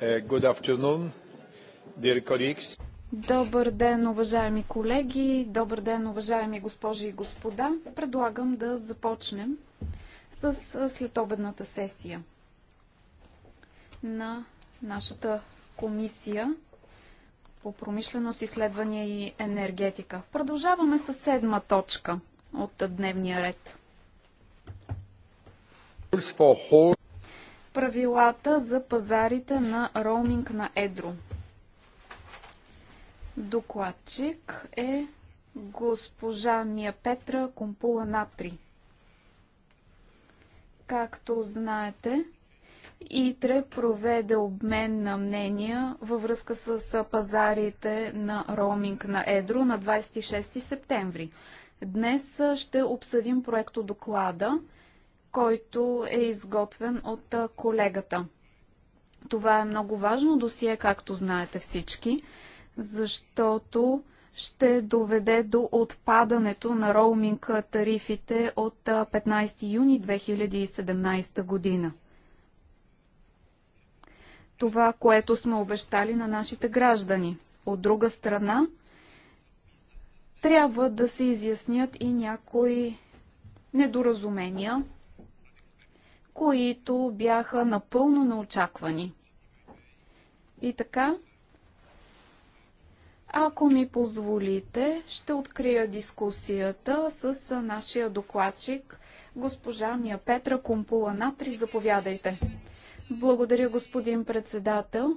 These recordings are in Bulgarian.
Eh, good afternoon, dear colleagues. Добър ден, уважаеми колеги! Добър ден, уважаеми госпожи и господа! Предлагам да започнем с следобедната сесия на нашата комисия по промишленост, изследвания и енергетика. Продължаваме с седма точка от дневния ред. For правилата за пазарите на роуминг на Едро. Докладчик е госпожа Мия Петра Компула Натри. Както знаете, ИТРЕ проведе обмен на мнения във връзка с пазарите на роуминг на Едро на 26 септември. Днес ще обсъдим проекто доклада който е изготвен от колегата. Това е много важно досие, както знаете всички, защото ще доведе до отпадането на роуминг тарифите от 15 юни 2017 година. Това, което сме обещали на нашите граждани. От друга страна, трябва да се изяснят и някои недоразумения които бяха напълно неочаквани. И така, ако ми позволите, ще открия дискусията с нашия докладчик, госпожа Мия Петра Кумпула Натри. Заповядайте. Благодаря, господин председател.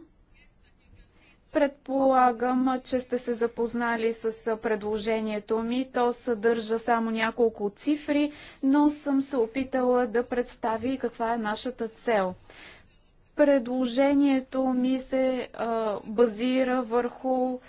Предполагам, че сте се запознали с предложението ми. То съдържа само няколко цифри, но съм се опитала да представи каква е нашата цел. Предложението ми се а, базира върху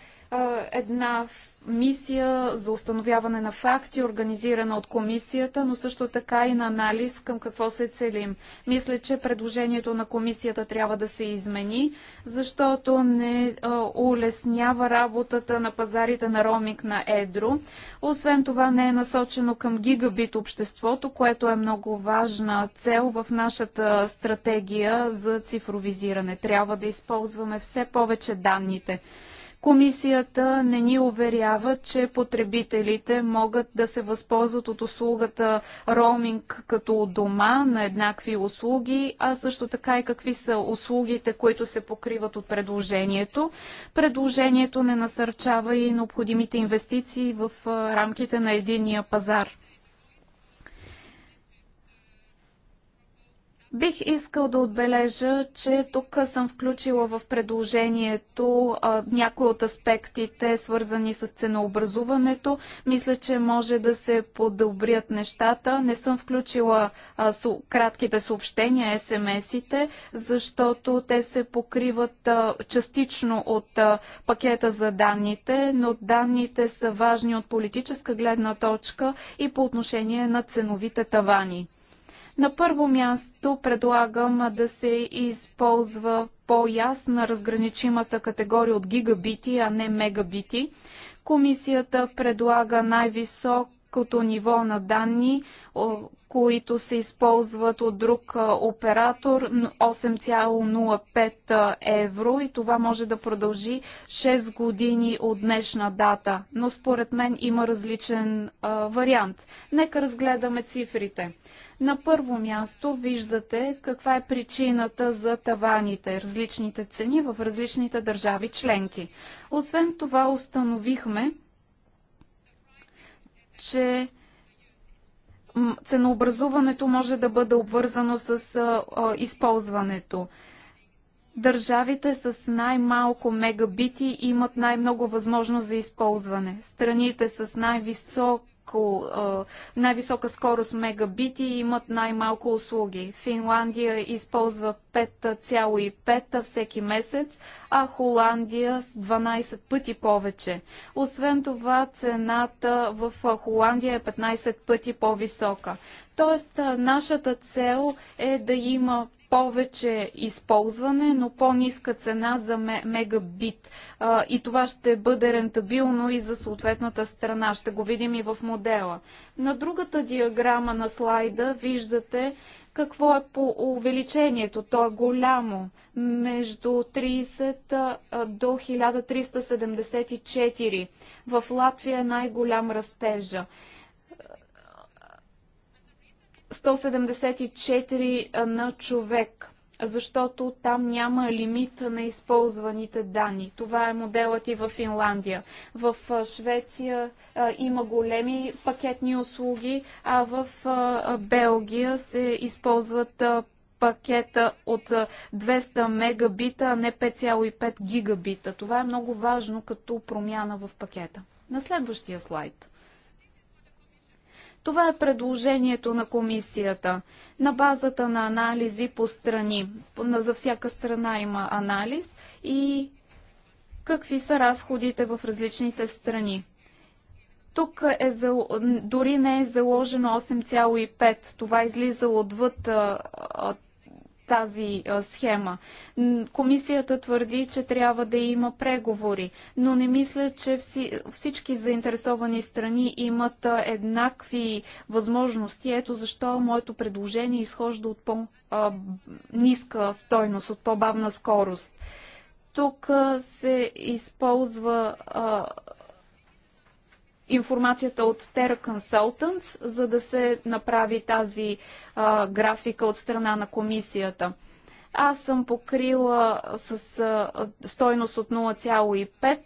една мисия за установяване на факти, организирана от комисията, но също така и на анализ към какво се целим. Мисля, че предложението на комисията трябва да се измени, защото не улеснява работата на пазарите на ромик на Едро. Освен това не е насочено към гигабит обществото, което е много важна цел в нашата стратегия за цифровизиране. Трябва да използваме все повече данните. Комисията не ни уверява, че потребителите могат да се възползват от услугата роуминг като дома на еднакви услуги, а също така и какви са услугите, които се покриват от предложението. Предложението не насърчава и необходимите инвестиции в рамките на единия пазар. Бих искал да отбележа, че тук съм включила в предложението а, някои от аспектите, свързани с ценообразуването. Мисля, че може да се подобрят нещата. Не съм включила а, су, кратките съобщения, СМС-ите, защото те се покриват а, частично от а, пакета за данните, но данните са важни от политическа гледна точка и по отношение на ценовите тавани. На първо място предлагам да се използва по-ясна разграничимата категория от гигабити, а не мегабити. Комисията предлага най-висок като ниво на данни, които се използват от друг оператор 8,05 евро и това може да продължи 6 години от днешна дата. Но според мен има различен вариант. Нека разгледаме цифрите. На първо място виждате каква е причината за таваните, различните цени в различните държави членки. Освен това установихме, че ценообразуването може да бъде обвързано с използването. Държавите с най-малко мегабити имат най-много възможност за използване. Страните с най-висок най-високо, най-висока скорост мегабити имат най-малко услуги. Финландия използва 5,5 всеки месец, а Холандия с 12 пъти повече. Освен това, цената в Холандия е 15 пъти по-висока. Тоест, нашата цел е да има повече използване, но по-ниска цена за мегабит. И това ще бъде рентабилно и за съответната страна. Ще го видим и в модела. На другата диаграма на слайда виждате какво е по увеличението. То е голямо. Между 30 до 1374. В Латвия е най-голям растежа. 174 на човек, защото там няма лимит на използваните данни. Това е моделът и в Финландия. В Швеция има големи пакетни услуги, а в Белгия се използват пакета от 200 мегабита, а не 5,5 гигабита. Това е много важно като промяна в пакета. На следващия слайд. Това е предложението на комисията на базата на анализи по страни. За всяка страна има анализ и какви са разходите в различните страни. Тук е, дори не е заложено 8,5. Това е излиза отвъд тази схема. Комисията твърди, че трябва да има преговори, но не мисля, че всички заинтересовани страни имат еднакви възможности. Ето защо моето предложение изхожда от по-ниска стойност, от по-бавна скорост. Тук се използва информацията от Terra Consultants, за да се направи тази а, графика от страна на комисията. Аз съм покрила с а, стойност от 0,5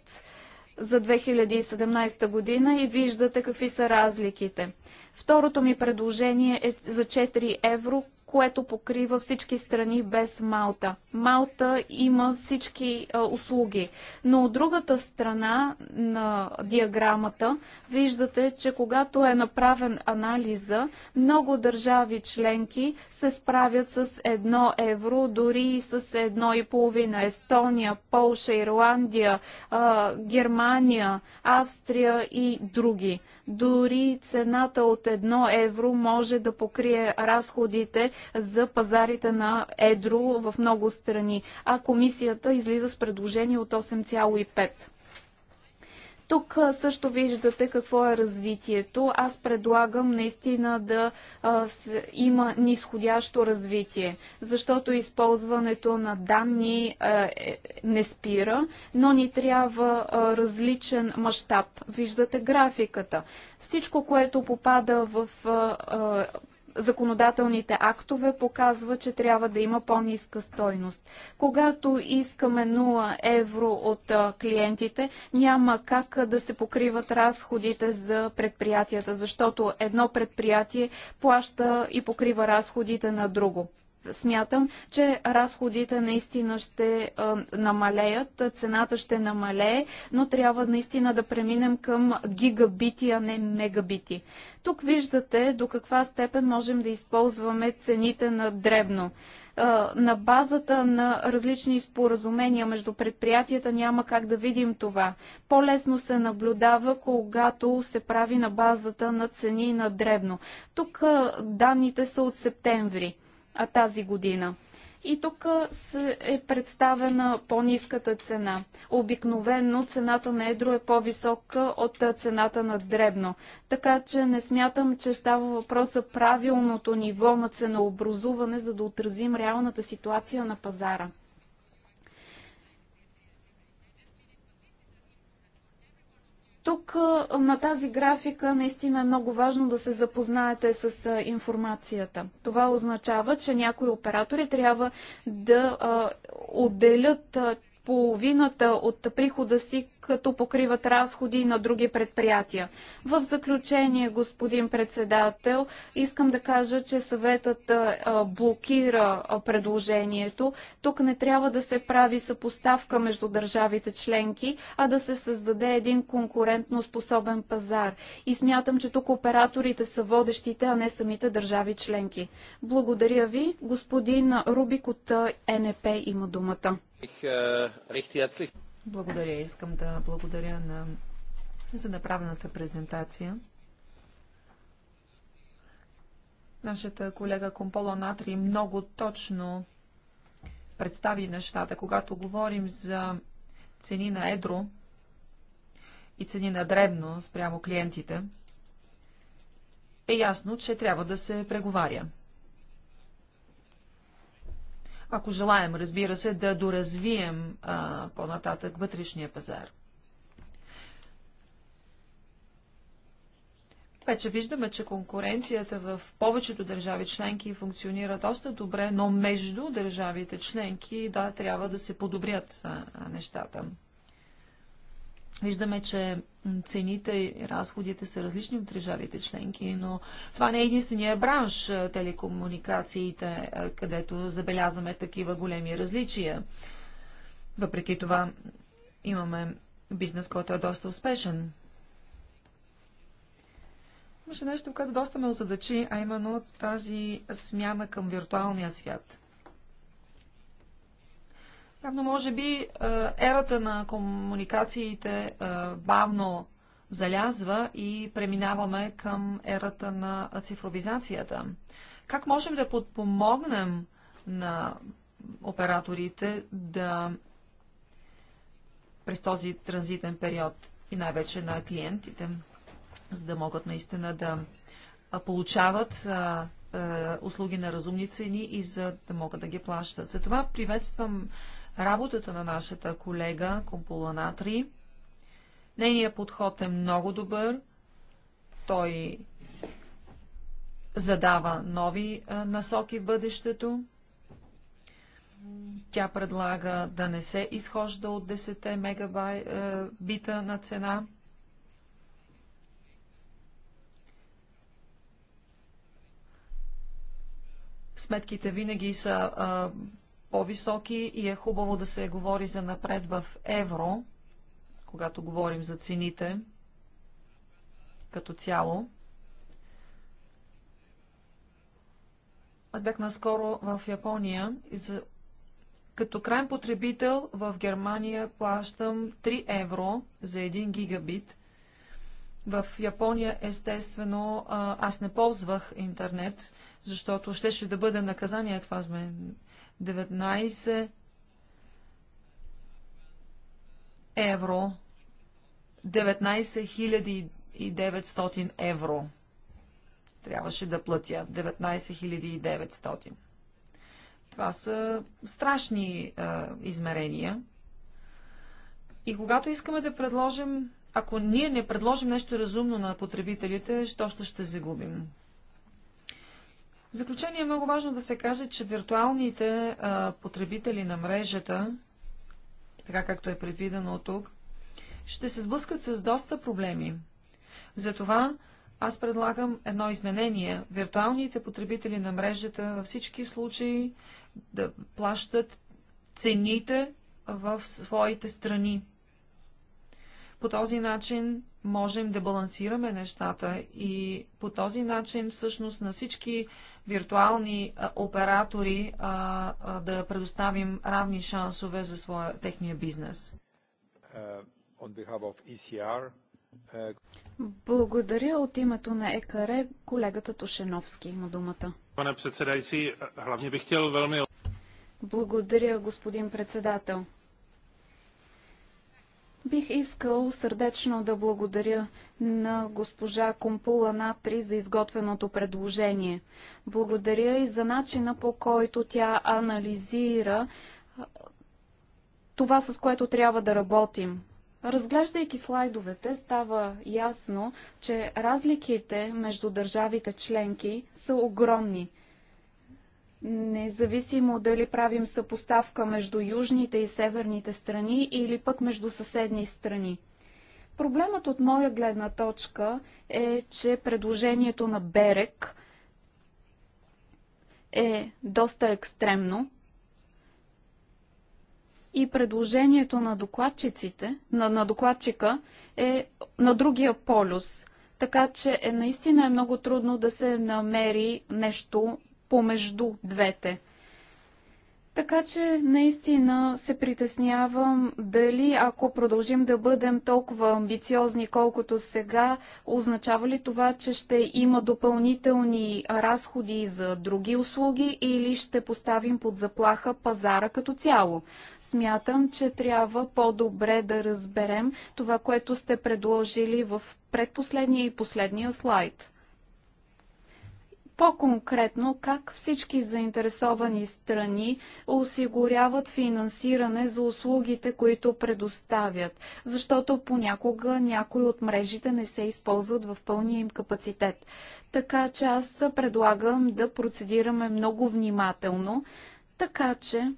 за 2017 година и виждате какви са разликите. Второто ми предложение е за 4 евро, което покрива всички страни без Малта. Малта има всички а, услуги. Но от другата страна на диаграмата виждате, че когато е направен анализа, много държави членки се справят с 1 евро, дори и с 1,5. Естония, Полша, Ирландия, а, Германия, Австрия и други. Дори цената от 1 евро може да покрие разходите за пазарите на едро в много страни, а комисията излиза с предложение от 8,5. Тук също виждате какво е развитието. Аз предлагам наистина да има нисходящо развитие, защото използването на данни е, не спира, но ни трябва различен мащаб. Виждате графиката. Всичко, което попада в законодателните актове показва, че трябва да има по-ниска стойност. Когато искаме 0 евро от клиентите, няма как да се покриват разходите за предприятията, защото едно предприятие плаща и покрива разходите на друго смятам, че разходите наистина ще намалеят, цената ще намалее, но трябва наистина да преминем към гигабити, а не мегабити. Тук виждате до каква степен можем да използваме цените на дребно на базата на различни споразумения между предприятията няма как да видим това. По-лесно се наблюдава, когато се прави на базата на цени на дребно. Тук данните са от септември тази година. И тук е представена по-низката цена. Обикновенно цената на едро е по-висока от цената на дребно. Така че не смятам, че става въпрос за правилното ниво на ценообразуване, за да отразим реалната ситуация на пазара. Тук на тази графика наистина е много важно да се запознаете с информацията. Това означава, че някои оператори трябва да отделят половината от прихода си като покриват разходи на други предприятия. В заключение, господин председател, искам да кажа, че съветът блокира предложението. Тук не трябва да се прави съпоставка между държавите членки, а да се създаде един конкурентно способен пазар. И смятам, че тук операторите са водещите, а не самите държави членки. Благодаря ви. Господин Рубик от НП има думата. Благодаря. Искам да благодаря на, за направената презентация. Нашата колега Комполо Натри много точно представи нещата. Когато говорим за цени на едро и цени на дребно спрямо клиентите, е ясно, че трябва да се преговаря ако желаем, разбира се, да доразвием по-нататък вътрешния пазар. Вече виждаме, че конкуренцията в повечето държави членки функционира доста добре, но между държавите членки, да, трябва да се подобрят а, нещата. Виждаме, че цените и разходите са различни в държавите членки, но това не е единствения бранш е, телекомуникациите, е, където забелязваме такива големи различия. Въпреки това имаме бизнес, който е доста успешен. Имаше нещо, което доста ме озадачи, а именно тази смяна към виртуалния свят – Явно, може би, е, ерата на комуникациите е, бавно залязва и преминаваме към ерата на цифровизацията. Как можем да подпомогнем на операторите да през този транзитен период и най-вече на клиентите, за да могат наистина да получават услуги на разумни цени и за да могат да ги плащат. За това приветствам работата на нашата колега Компула Натри. Нейният подход е много добър. Той задава нови насоки в бъдещето. Тя предлага да не се изхожда от 10 мегабита на цена. Сметките винаги са а, по-високи и е хубаво да се говори за напред в евро, когато говорим за цените като цяло. Аз бях наскоро в Япония и за... като крайен потребител в Германия плащам 3 евро за 1 гигабит. В Япония, естествено, аз не ползвах интернет, защото щеше да бъде наказание това за мен. 19 евро, 19 900 евро. Трябваше да платя 19 900. Това са страшни е, измерения. И когато искаме да предложим, ако ние не предложим нещо разумно на потребителите, то ще ще загубим. В заключение е много важно да се каже, че виртуалните а, потребители на мрежата, така както е предвидено тук, ще се сблъскат с доста проблеми. Затова аз предлагам едно изменение. Виртуалните потребители на мрежата във всички случаи да плащат цените в своите страни. По този начин можем да балансираме нещата и по този начин всъщност на всички виртуални оператори а, а, да предоставим равни шансове за своя, техния бизнес. Uh, ECR, e uh, Благодаря от името на ЕКР Колегата Тушеновски има думата. Пане председайци, бих хотел Благодаря, господин председател. Бих искал сърдечно да благодаря на госпожа Компула Натри за изготвеното предложение. Благодаря и за начина по който тя анализира това, с което трябва да работим. Разглеждайки слайдовете, става ясно, че разликите между държавите членки са огромни – независимо дали правим съпоставка между южните и северните страни или пък между съседни страни. Проблемът от моя гледна точка е, че предложението на Берек е доста екстремно и предложението на докладчиците, на, на докладчика е на другия полюс – така че е, наистина е много трудно да се намери нещо помежду двете. Така че наистина се притеснявам дали ако продължим да бъдем толкова амбициозни, колкото сега, означава ли това, че ще има допълнителни разходи за други услуги или ще поставим под заплаха пазара като цяло? Смятам, че трябва по-добре да разберем това, което сте предложили в предпоследния и последния слайд. По-конкретно, как всички заинтересовани страни осигуряват финансиране за услугите, които предоставят, защото понякога някои от мрежите не се използват в пълния им капацитет. Така че аз предлагам да процедираме много внимателно, така че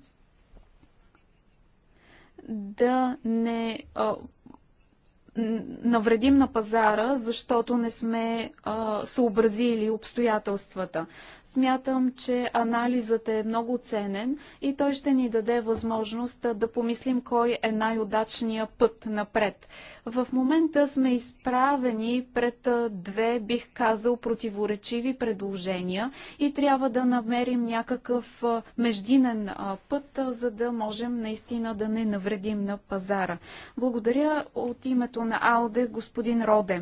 да не навредим на пазара, защото не сме а, съобразили обстоятелствата. Смятам, че анализът е много ценен и той ще ни даде възможност да помислим кой е най-удачният път напред. В момента сме изправени пред две, бих казал, противоречиви предложения и трябва да намерим някакъв междинен път, за да можем наистина да не навредим на пазара. Благодаря от името на АЛДЕ господин Роде.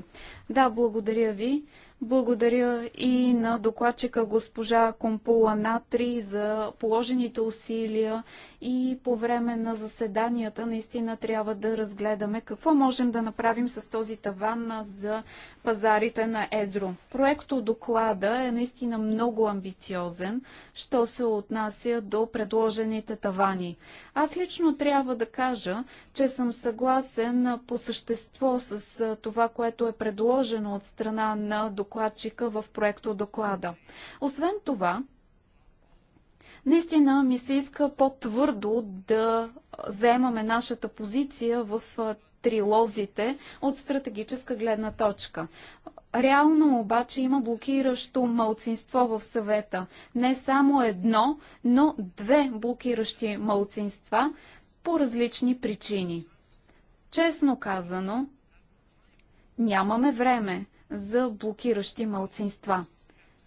Да, благодаря ви. Благодаря и на докладчика госпожа Компула Натри за положените усилия и по време на заседанията наистина трябва да разгледаме какво можем да направим с този таван за пазарите на Едро. Проекто доклада е наистина много амбициозен, що се отнася до предложените тавани. Аз лично трябва да кажа, че съм съгласен по същество с това, което е предложено от страна на докладчика в проекто доклада. Освен това, Наистина ми се иска по-твърдо да заемаме нашата позиция в трилозите от стратегическа гледна точка. Реално обаче има блокиращо мълцинство в съвета. Не само едно, но две блокиращи мълцинства по различни причини. Честно казано, нямаме време за блокиращи мълцинства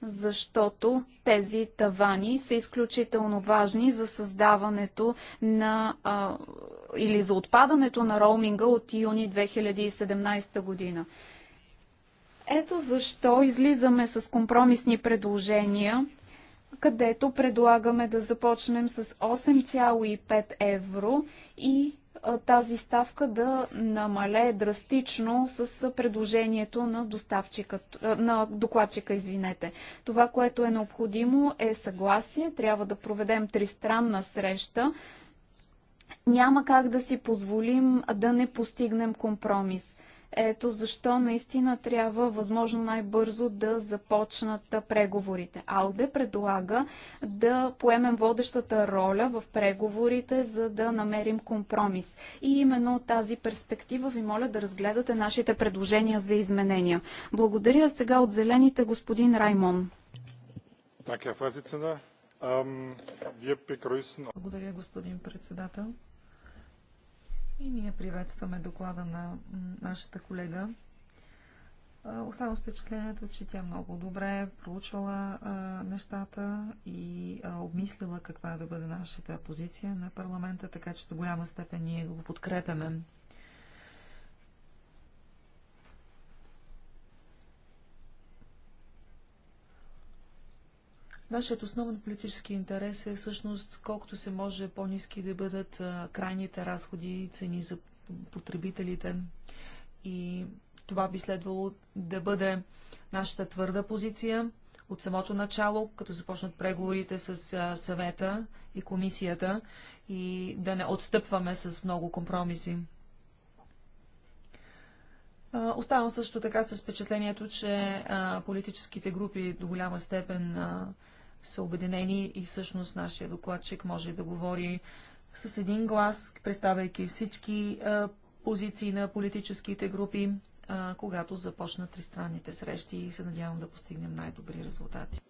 защото тези тавани са изключително важни за създаването на а, или за отпадането на роуминга от юни 2017 година. Ето защо излизаме с компромисни предложения, където предлагаме да започнем с 8,5 евро и тази ставка да намалее драстично с предложението на, доставчика, на докладчика. Извинете. Това, което е необходимо е съгласие. Трябва да проведем тристранна среща. Няма как да си позволим да не постигнем компромис. Ето защо наистина трябва възможно най-бързо да започнат преговорите. Алде предлага да поемем водещата роля в преговорите, за да намерим компромис. И именно от тази перспектива ви моля да разгледате нашите предложения за изменения. Благодаря сега от зелените господин Раймон. Ähm, Благодаря, господин председател. И ние приветстваме доклада на нашата колега. Оставам с впечатлението, че тя много добре е проучвала а, нещата и а, обмислила каква е да бъде нашата позиция на парламента, така че до голяма степен ние го подкрепяме. Нашият основен политически интерес е всъщност колкото се може по-низки да бъдат крайните разходи и цени за потребителите. И това би следвало да бъде нашата твърда позиция от самото начало, като започнат преговорите с съвета и комисията и да не отстъпваме с много компромиси. оставам също така с впечатлението, че политическите групи до голяма степен са обединени и всъщност нашия докладчик може да говори с един глас, представяйки всички а, позиции на политическите групи, а, когато започнат тристранните срещи и се надявам да постигнем най-добри резултати.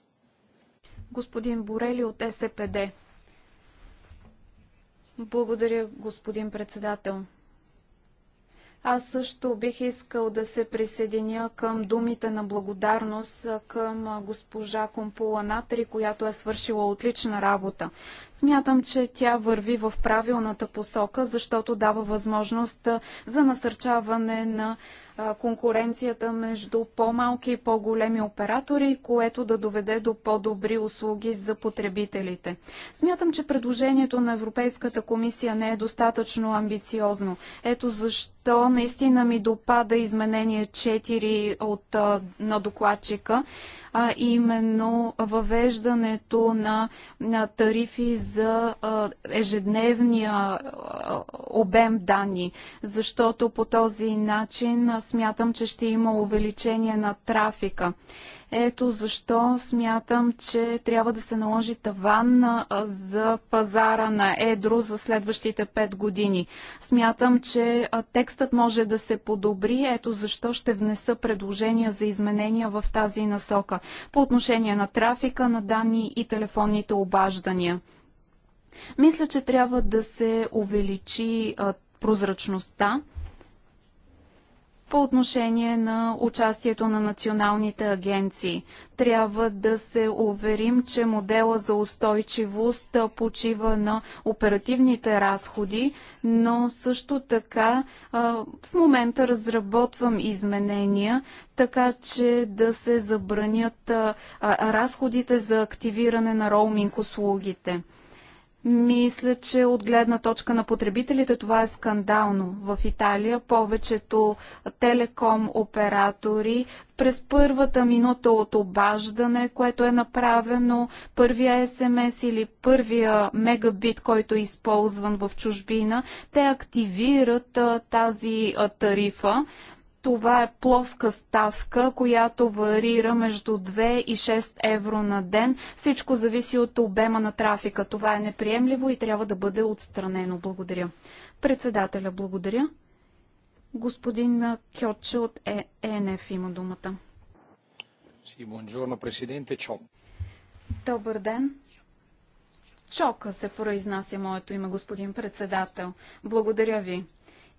Господин Борели от СПД. Благодаря, господин председател. Аз също бих искал да се присъединя към думите на благодарност към госпожа Компула Натри, която е свършила отлична работа. Смятам, че тя върви в правилната посока, защото дава възможност за насърчаване на конкуренцията между по-малки и по-големи оператори, което да доведе до по-добри услуги за потребителите. Смятам, че предложението на Европейската комисия не е достатъчно амбициозно. Ето защо наистина ми допада изменение 4 от, на докладчика, а именно въвеждането на, на тарифи за ежедневния обем данни, защото по този начин смятам, че ще има увеличение на трафика. Ето защо смятам, че трябва да се наложи таван за пазара на Едро за следващите 5 години. Смятам, че текстът може да се подобри. Ето защо ще внеса предложения за изменения в тази насока по отношение на трафика на данни и телефонните обаждания. Мисля, че трябва да се увеличи прозрачността по отношение на участието на националните агенции. Трябва да се уверим, че модела за устойчивост почива на оперативните разходи, но също така в момента разработвам изменения, така че да се забранят разходите за активиране на роуминг услугите. Мисля, че от гледна точка на потребителите това е скандално. В Италия повечето телеком оператори през първата минута от обаждане, което е направено, първия СМС или първия мегабит, който е използван в чужбина, те активират а, тази а, тарифа. Това е плоска ставка, която варира между 2 и 6 евро на ден. Всичко зависи от обема на трафика. Това е неприемливо и трябва да бъде отстранено. Благодаря. Председателя, благодаря. Господин Кьотче от е- ЕНФ има думата. Добър ден. Чока се произнася моето име, господин председател. Благодаря ви.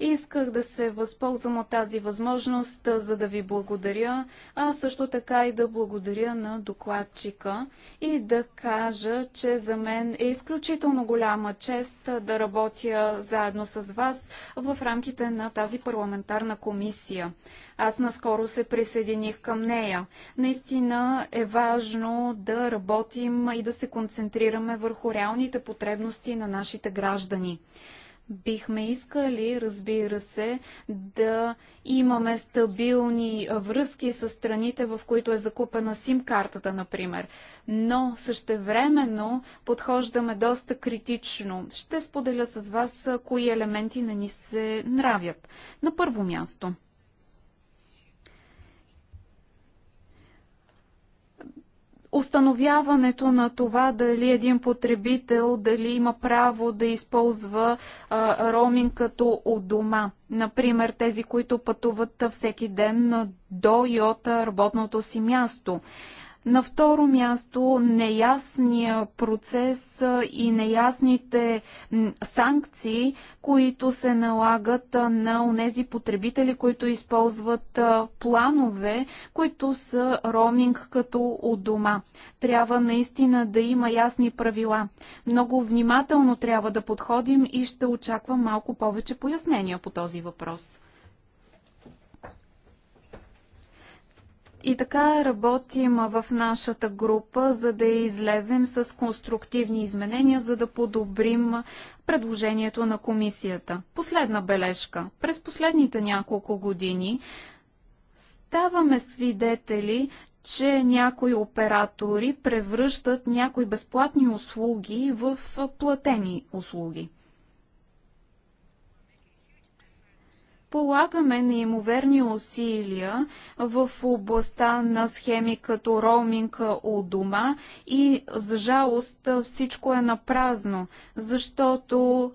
Исках да се възползвам от тази възможност, за да ви благодаря, а също така и да благодаря на докладчика и да кажа, че за мен е изключително голяма чест да работя заедно с вас в рамките на тази парламентарна комисия. Аз наскоро се присъединих към нея. Наистина е важно да работим и да се концентрираме върху реалните потребности на нашите граждани. Бихме искали, разбира се, да имаме стабилни връзки с страните, в които е закупена сим-картата, например. Но същевременно подхождаме доста критично. Ще споделя с вас кои елементи не ни се нравят. На първо място – установяването на това дали един потребител дали има право да използва а, роуминг като у дома. Например, тези, които пътуват всеки ден до и от работното си място. На второ място, неясния процес и неясните санкции, които се налагат на онези потребители, които използват планове, които са роуминг като у дома. Трябва наистина да има ясни правила. Много внимателно трябва да подходим и ще очаквам малко повече пояснения по този въпрос. И така работим в нашата група, за да излезем с конструктивни изменения, за да подобрим предложението на комисията. Последна бележка. През последните няколко години ставаме свидетели, че някои оператори превръщат някои безплатни услуги в платени услуги. полагаме неимоверни усилия в областта на схеми като роуминг у дома и за жалост всичко е на празно, защото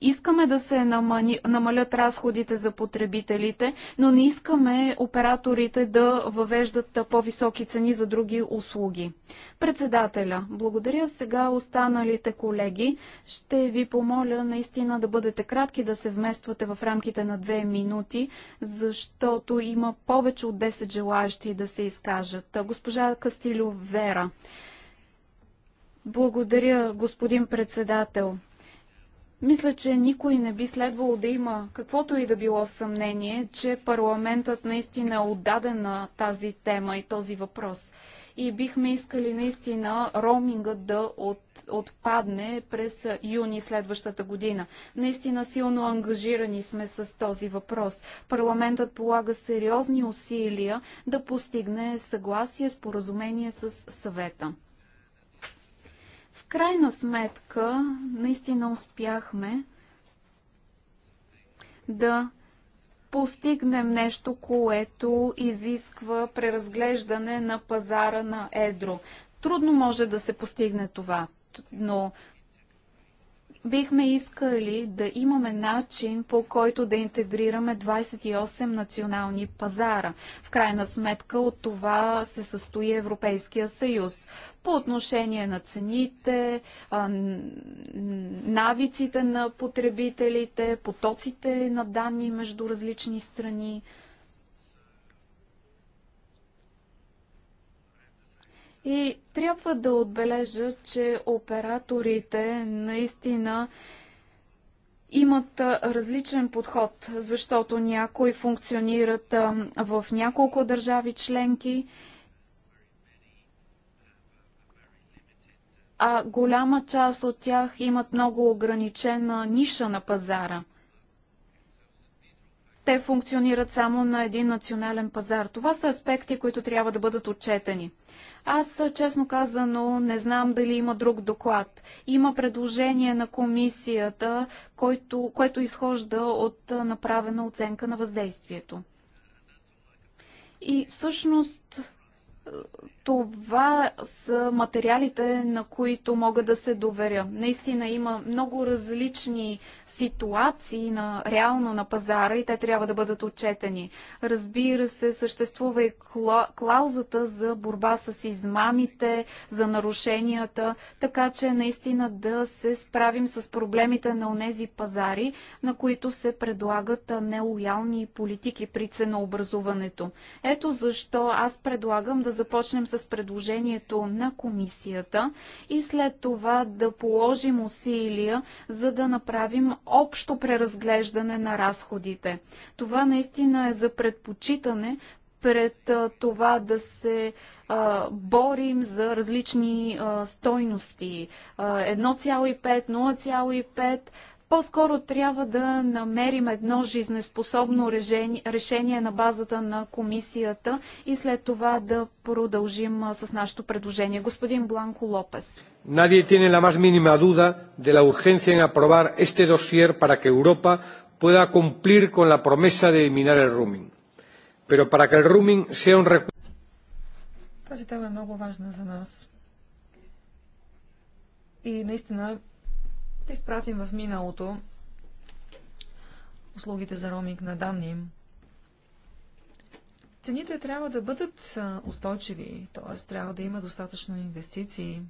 искаме да се намани, намалят разходите за потребителите, но не искаме операторите да въвеждат по-високи цени за други услуги. Председателя, благодаря сега останалите колеги. Ще ви помоля наистина да бъдете кратки, да се вмествате в рамките на две минути, защото има повече от 10 желаящи да се изкажат. Госпожа Кастилю Вера. Благодаря, господин председател. Мисля, че никой не би следвало да има каквото и да било съмнение, че парламентът наистина е отдаден на тази тема и този въпрос. И бихме искали наистина роуминга да от, отпадне през юни следващата година. Наистина силно ангажирани сме с този въпрос. Парламентът полага сериозни усилия да постигне съгласие, споразумение с съвета крайна сметка наистина успяхме да постигнем нещо, което изисква преразглеждане на пазара на едро. Трудно може да се постигне това, но бихме искали да имаме начин по който да интегрираме 28 национални пазара. В крайна сметка от това се състои Европейския съюз. По отношение на цените, навиците на потребителите, потоците на данни между различни страни – И трябва да отбележа, че операторите наистина имат различен подход, защото някои функционират в няколко държави членки, а голяма част от тях имат много ограничена ниша на пазара. Те функционират само на един национален пазар. Това са аспекти, които трябва да бъдат отчетени. Аз, честно казано, не знам дали има друг доклад. Има предложение на комисията, който, което изхожда от направена оценка на въздействието. И всъщност това са материалите, на които мога да се доверя. Наистина има много различни ситуации на, реално на пазара и те трябва да бъдат отчетени. Разбира се, съществува и клаузата за борба с измамите, за нарушенията, така че наистина да се справим с проблемите на онези пазари, на които се предлагат нелоялни политики при ценообразуването. Ето защо аз предлагам да започнем с предложението на комисията и след това да положим усилия, за да направим общо преразглеждане на разходите. Това наистина е за предпочитане пред това да се борим за различни стойности. 1,5, 0,5. По-скоро трябва да намерим едно жизнеспособно решение на базата на комисията и след това да продължим с нашето предложение. Господин Бланко Лопес. Nadie tiene la más mínima duda de la urgencia en aprobar este dossier para que Europa pueda cumplir con la promesa de eliminar el roaming. Pero para que el roaming sea un recurso. Тази да изпратим в миналото услугите за роминг на данни. Цените трябва да бъдат устойчиви, т.е. трябва да има достатъчно инвестиции.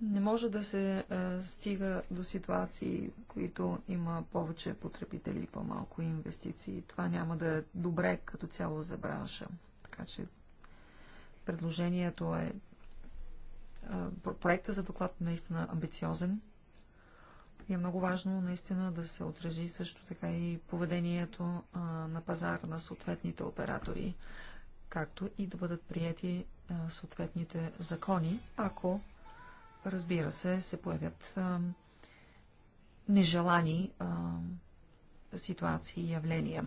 Не може да се е, стига до ситуации, в които има повече потребители и по-малко инвестиции. Това няма да е добре като цяло за бранша. Така че предложението е проекта за доклад наистина амбициозен. И е много важно наистина да се отражи също така и поведението а, на пазара на съответните оператори, както и да бъдат прияти а, съответните закони, ако, разбира се, се появят а, нежелани ситуации и явления.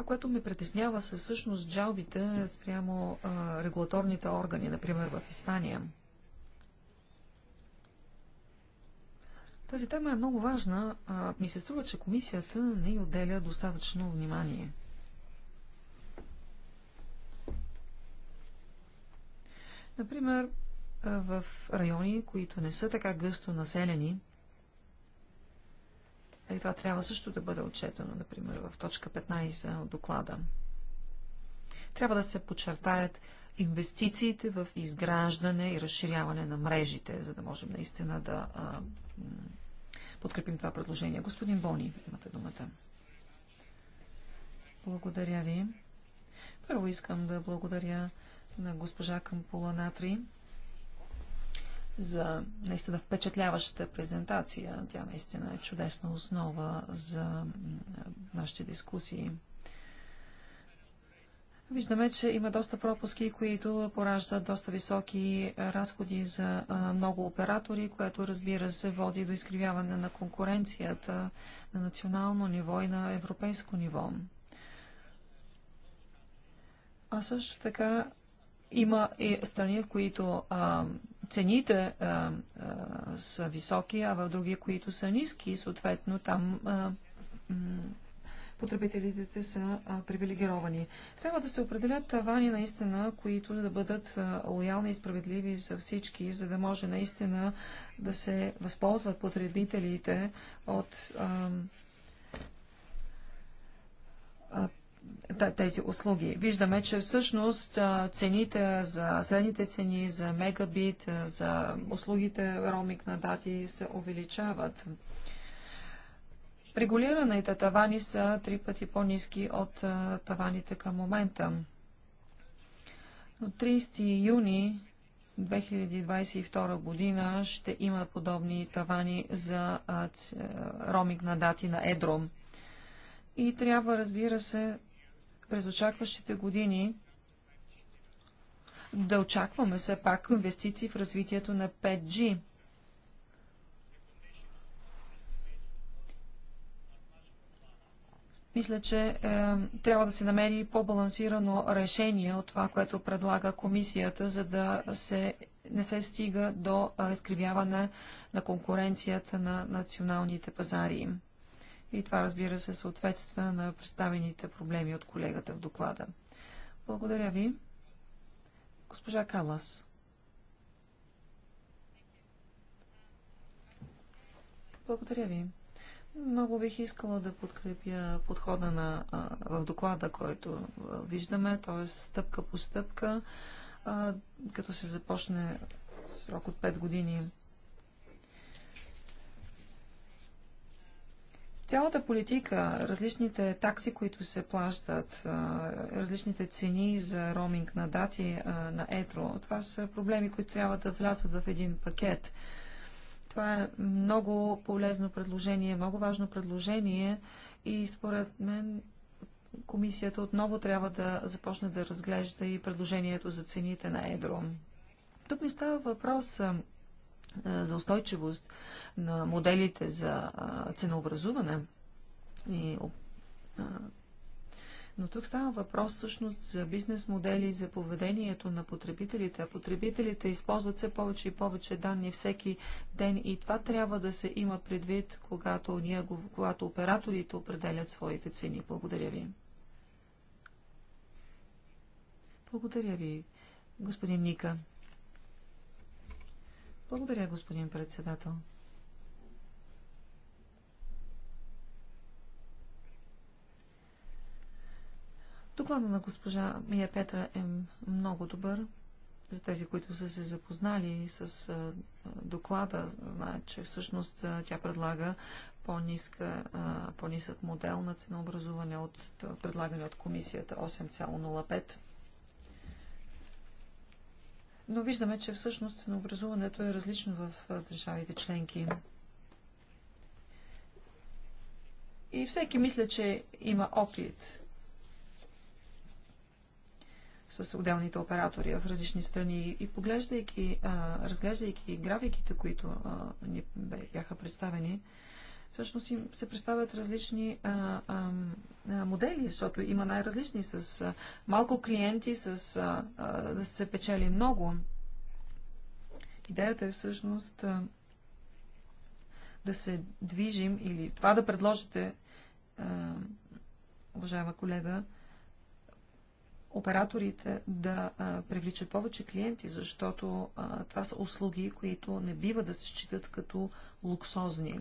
Това, което ме притеснява са всъщност джалбите спрямо а, регулаторните органи, например в Испания. Тази тема е много важна. А, ми се струва, че комисията не й отделя достатъчно внимание. Например, в райони, които не са така гъсто населени, и това трябва също да бъде отчетено, например, в точка 15 от доклада. Трябва да се подчертаят инвестициите в изграждане и разширяване на мрежите, за да можем наистина да а, подкрепим това предложение. Господин Бони, имате думата. Благодаря ви. Първо искам да благодаря на госпожа Кампула Натри за наистина впечатляващата презентация. Тя наистина е чудесна основа за нашите дискусии. Виждаме, че има доста пропуски, които пораждат доста високи разходи за много оператори, което разбира се води до изкривяване на конкуренцията на национално ниво и на европейско ниво. А също така има и страни, в които а, цените а, а, са високи, а в други, които са ниски, съответно там а, потребителите са а, привилегировани. Трябва да се определят тавани наистина, които да бъдат а, лоялни и справедливи за всички, за да може наистина да се възползват потребителите от а, тези услуги. Виждаме, че всъщност цените за средните цени за мегабит, за услугите ромик на дати се увеличават. Регулираните тавани са три пъти по-низки от таваните към момента. От 30 юни 2022 година ще има подобни тавани за ромик на дати на Едром. И трябва, разбира се, през очакващите години да очакваме все пак инвестиции в развитието на 5G. Мисля, че е, трябва да се намери по-балансирано решение от това, което предлага комисията, за да се, не се стига до изкривяване на конкуренцията на националните пазари и това разбира се съответства на представените проблеми от колегата в доклада. Благодаря ви. Госпожа Калас. Благодаря ви. Много бих искала да подкрепя подхода на, а, в доклада, който а, виждаме, т.е. стъпка по стъпка, а, като се започне срок от 5 години Цялата политика, различните такси, които се плащат, различните цени за роуминг на дати на Етро, това са проблеми, които трябва да влязат в един пакет. Това е много полезно предложение, много важно предложение и според мен комисията отново трябва да започне да разглежда и предложението за цените на Едро. Тук ми става въпрос е, за устойчивост на моделите за ценообразуване. И, но тук става въпрос всъщност за бизнес модели, за поведението на потребителите. А потребителите използват все повече и повече данни всеки ден и това трябва да се има предвид, когато, ние, когато операторите определят своите цени. Благодаря ви. Благодаря ви, господин Ника. Благодаря, господин председател. Доклада на госпожа Мия Петра е много добър. За тези, които са се запознали с доклада, знаят, че всъщност тя предлага по-ниска, по-нисък модел на ценообразуване от предлагане от комисията 8,05. Но виждаме, че всъщност ценообразуването е различно в държавите членки. И всеки мисля, че има опит с отделните оператори в различни страни и поглеждайки, разглеждайки графиките, които ни бяха представени, всъщност им се представят различни а, а, модели, защото има най-различни с а, малко клиенти, с а, а, да се печели много. Идеята е всъщност а, да се движим или това да предложите, а, уважаема колега, операторите да а, привличат повече клиенти, защото а, това са услуги, които не бива да се считат като луксозни.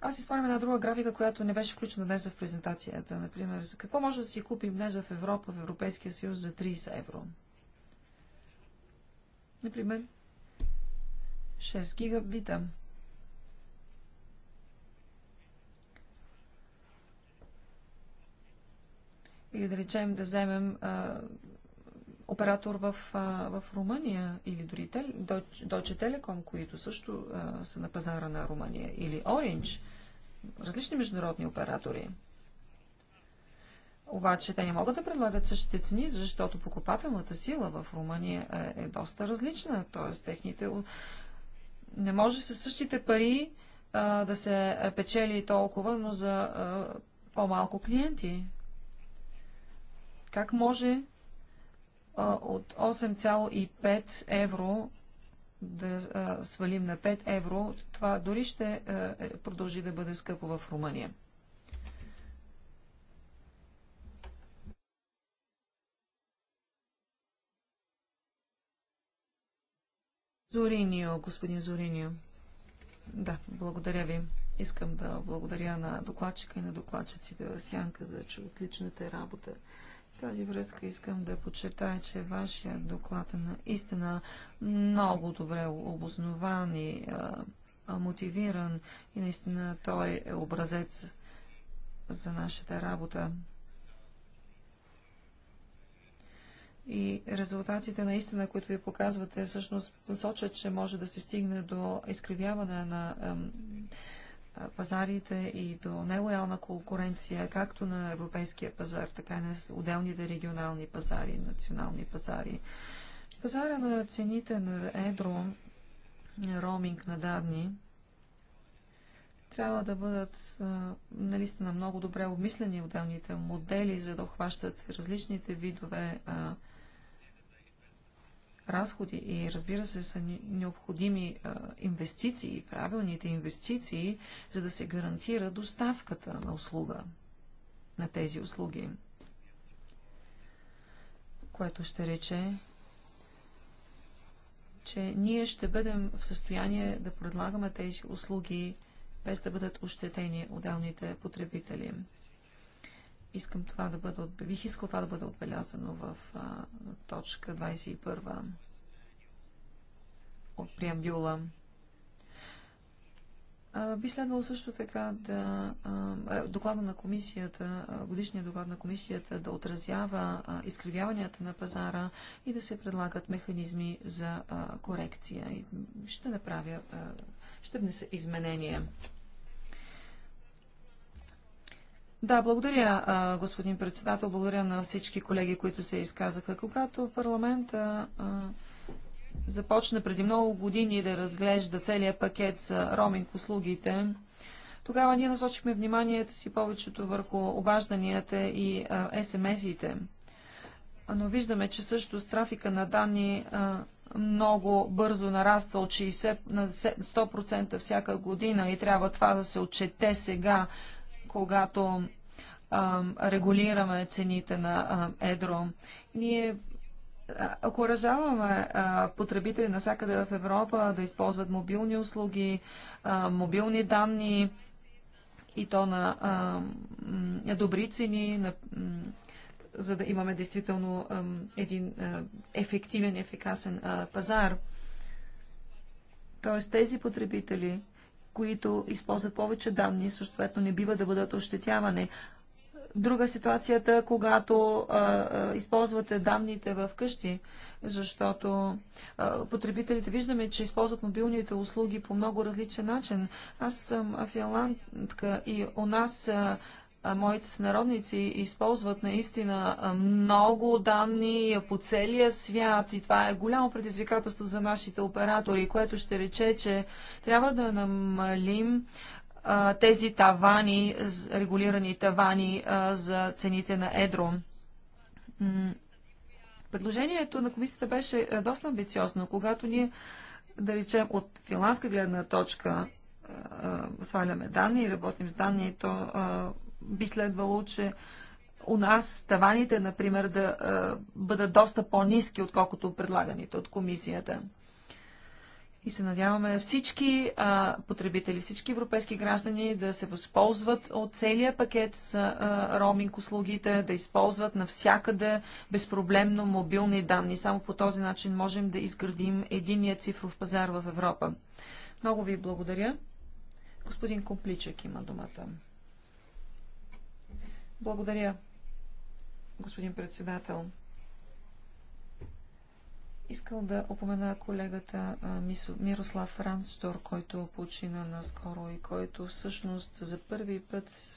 Аз спомням една друга графика, която не беше включена днес в презентацията. Например, какво може да си купим днес в Европа, в Европейския съюз за 30 евро? Например, 6 гигабита. Или да речем да вземем а, оператор в, в Румъния или дори Deutsche Telekom, които също са на пазара на Румъния, или Orange, различни международни оператори. Обаче те не могат да предлагат същите цени, защото покупателната сила в Румъния е, е доста различна. Т.е. техните... Не може със същите пари а, да се печели толкова, но за по-малко клиенти. Как може от 8,5 евро да свалим на 5 евро, това дори ще е, продължи да бъде скъпо в Румъния. Зориньо, господин Зориньо. Да, благодаря ви. Искам да благодаря на докладчика и на докладчиците в Сянка за отличната работа тази връзка искам да подчертая, че вашия доклад е наистина много добре обоснован и а, мотивиран и наистина той е образец за нашата работа. И резултатите наистина, които ви показвате, всъщност сочат, че може да се стигне до изкривяване на ам, пазарите и до нелоялна конкуренция, както на европейския пазар, така и на отделните регионални пазари, национални пазари. Пазара на цените на едро, роуминг на данни, трябва да бъдат наистина много добре обмислени отделните модели, за да обхващат различните видове а, разходи и разбира се са необходими а, инвестиции, правилните инвестиции, за да се гарантира доставката на услуга, на тези услуги. Което ще рече, че ние ще бъдем в състояние да предлагаме тези услуги без да бъдат ощетени отделните потребители искам това да бъде, бих искал това да бъде отбелязано в а, точка 21 от преамбюла. би следвало също така да а, доклада на комисията, годишният доклад на комисията да отразява а, изкривяванията на пазара и да се предлагат механизми за корекция. И ще направя, ще внеса изменения. Да, благодаря, господин председател. Благодаря на всички колеги, които се изказаха. Когато парламента започна преди много години да разглежда целият пакет за роминг услугите, тогава ние насочихме вниманието си повечето върху обажданията и СМС-ите. Но виждаме, че също с трафика на данни много бързо нараства от 60 на 100% всяка година и трябва това да се отчете сега когато а, регулираме цените на а, едро. Ние окоръжаваме потребители навсякъде в Европа да използват мобилни услуги, а, мобилни данни и то на, а, добри цени, на, за да имаме действително а, един ефективен, ефикасен пазар. Тоест тези потребители които използват повече данни, съответно не бива да бъдат ощетявани. Друга ситуацията, когато а, а, използвате данните в къщи, защото а, потребителите виждаме, че използват мобилните услуги по много различен начин. Аз съм афиалантка и у нас а, моите сънародници използват наистина много данни по целия свят и това е голямо предизвикателство за нашите оператори, което ще рече, че трябва да намалим тези тавани, регулирани тавани за цените на едро. Предложението на комисията беше доста амбициозно, когато ние, да речем, от финландска гледна точка сваляме данни и работим с данни, то би следвало, че у нас таваните, например, да а, бъдат доста по-низки, отколкото предлаганите от комисията. И се надяваме всички а, потребители, всички европейски граждани да се възползват от целия пакет за а, роуминг услугите, да използват навсякъде безпроблемно мобилни данни. Само по този начин можем да изградим единия цифров пазар в Европа. Много ви благодаря. Господин Компличък има думата. Благодаря, господин председател. Искал да опомена колегата Мирослав Ранстор, който почина наскоро и който всъщност за първи път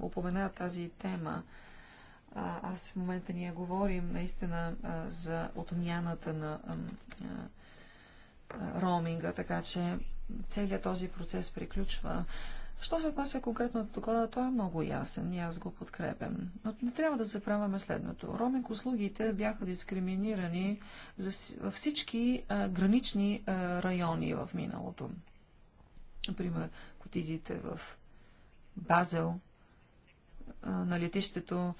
опомена тази тема. аз в момента ние говорим наистина за отмяната на роуминга, така че целият този процес приключва. Що се отнася конкретно от доклада, той е много ясен и аз го подкрепям. Но не трябва да заправяме следното. Роминг услугите бяха дискриминирани за, във всички а, гранични а, райони в миналото. Например, ако в Базел, а, на летището,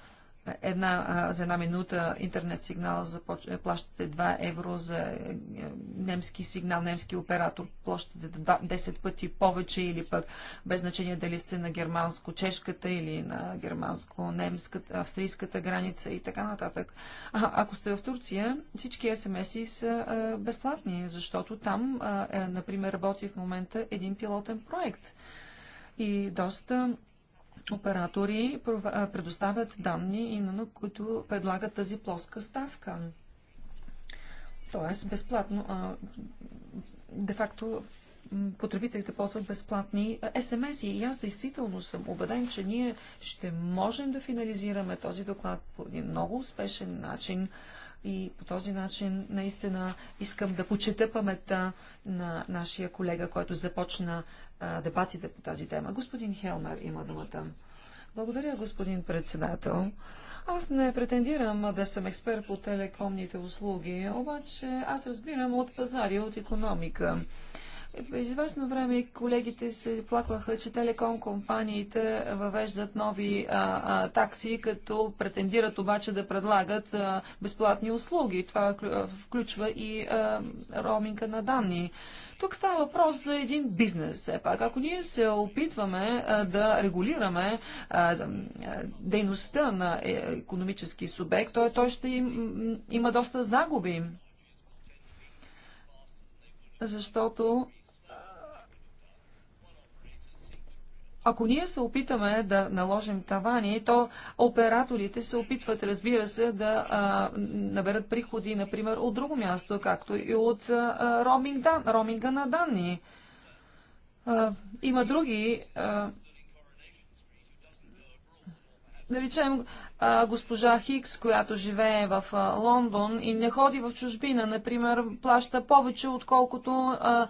една, за една минута интернет сигнал за, е, плащате 2 евро, за е, немски сигнал, немски оператор плащате 10 пъти повече или пък без значение дали сте на германско-чешката или на германско-немската, австрийската граница и така нататък. А, ако сте в Турция, всички смс-и са а, безплатни, защото там, а, а, е, например, работи в момента един пилотен проект. И доста оператори предоставят данни, именно които предлагат тази плоска ставка. Тоест, безплатно, де-факто потребителите ползват безплатни СМС-и. И аз действително съм убеден, че ние ще можем да финализираме този доклад по един много успешен начин и по този начин наистина искам да почета паметта на нашия колега, който започна дебатите по тази тема. Господин Хелмер има думата. Благодаря, господин председател. Аз не претендирам да съм експерт по телекомните услуги, обаче аз разбирам от пазари, от економика. Известно време колегите се плакваха, че телеком компаниите въвеждат нови а, а, такси, като претендират обаче да предлагат а, безплатни услуги. Това включва и а, роуминга на данни. Тук става въпрос за един бизнес. Все пак, ако ние се опитваме а, да регулираме а, дейността на е, економически субект, той, той ще им, има доста загуби защото Ако ние се опитаме да наложим тавани, то операторите се опитват, разбира се, да а, наберат приходи, например, от друго място, както и от а, роминг дан, роминга на данни. А, има други. А, а, госпожа Хикс, която живее в а, Лондон и не ходи в чужбина, например, плаща повече, отколкото а,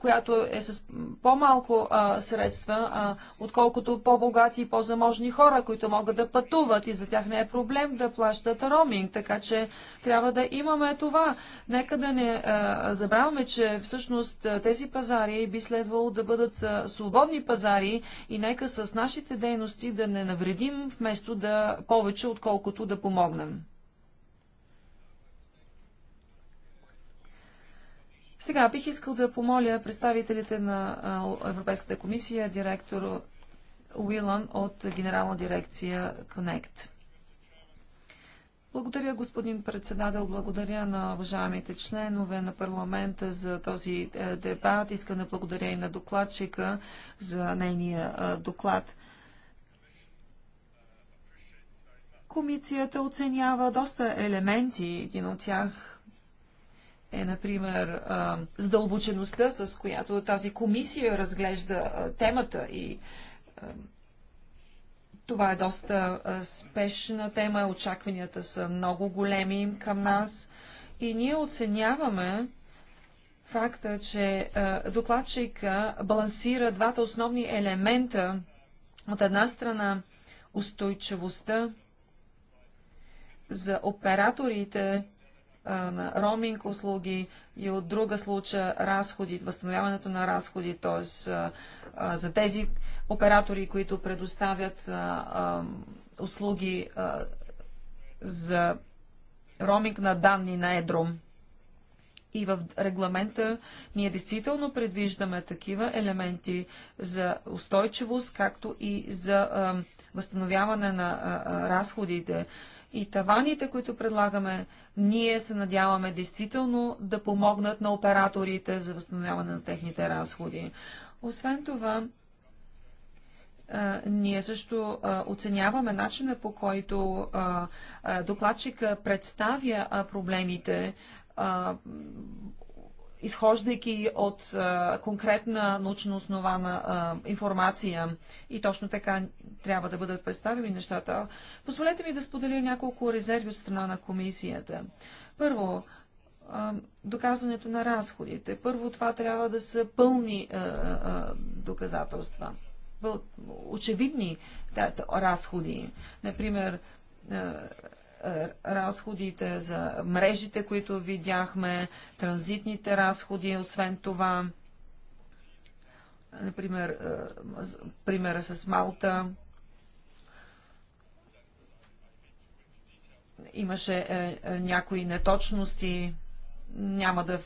която е с по-малко средства, а, отколкото по-богати и по-заможни хора, които могат да пътуват и за тях не е проблем да плащат роминг. Така че трябва да имаме това. Нека да не а, забравяме, че всъщност тези пазари би следвало да бъдат а, свободни пазари и нека с нашите дейности да не навредим, вместо да повече, отколкото да помогнем. Сега бих искал да помоля представителите на Европейската комисия, директор Уилан от Генерална дирекция Connect. Благодаря, господин председател. Благодаря на уважаемите членове на парламента за този е, дебат. Искам да благодаря и на докладчика за нейния е, доклад. Комисията оценява доста елементи. Един от тях е, например, задълбочеността, с която тази комисия разглежда темата и това е доста спешна тема, очакванията са много големи към нас и ние оценяваме факта, че докладчика балансира двата основни елемента. От една страна устойчивостта за операторите на роуминг услуги и от друга случая разходи, възстановяването на разходи, т.е. за тези оператори, които предоставят услуги за роуминг на данни на Едром. И в регламента ние действително предвиждаме такива елементи за устойчивост, както и за възстановяване на разходите и таваните, които предлагаме, ние се надяваме действително да помогнат на операторите за възстановяване на техните разходи. Освен това, ние също оценяваме начина по който докладчика представя проблемите изхождайки от а, конкретна научно основана а, информация. И точно така трябва да бъдат представени нещата. Позволете ми да споделя няколко резерви от страна на комисията. Първо, а, доказването на разходите. Първо, това трябва да са пълни доказателства. Очевидни да, разходи. Например, е, разходите за мрежите, които видяхме, транзитните разходи, освен това, например, е, примера с Малта, имаше е, някои неточности, няма да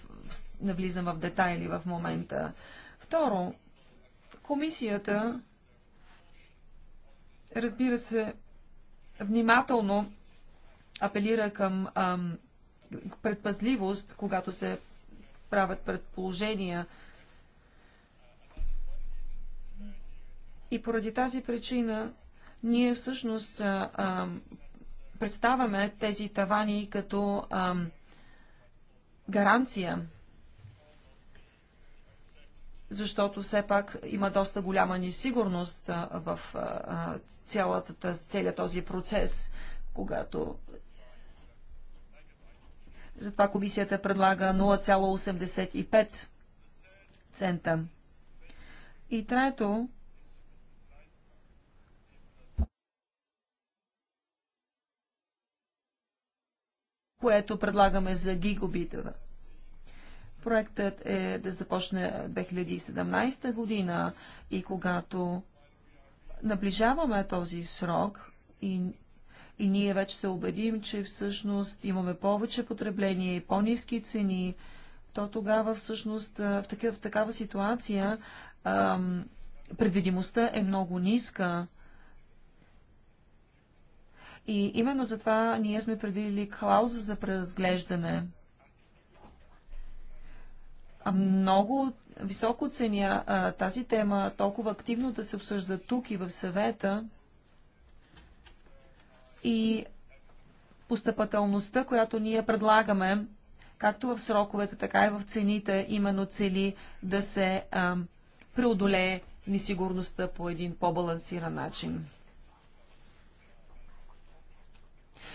навлизам в детайли в момента. Второ, комисията, разбира се, внимателно апелира към ам, предпазливост, когато се правят предположения. И поради тази причина ние всъщност ам, представяме тези тавани като ам, гаранция, защото все пак има доста голяма несигурност в а, цялата, целият този процес, когато затова комисията предлага 0,85 цента. И трето, което предлагаме за гигабитова. Проектът е да започне 2017 година и когато наближаваме този срок и и ние вече се убедим, че всъщност имаме повече потребление и по-низки цени, то тогава всъщност в такава, в такава ситуация ам, предвидимостта е много ниска. И именно затова ние сме предвидили клауза за преразглеждане. А много високо ценя а, тази тема толкова активно да се обсъжда тук и в съвета, и постъпателността, която ние предлагаме, както в сроковете, така и в цените, именно цели да се преодолее несигурността по един по-балансиран начин.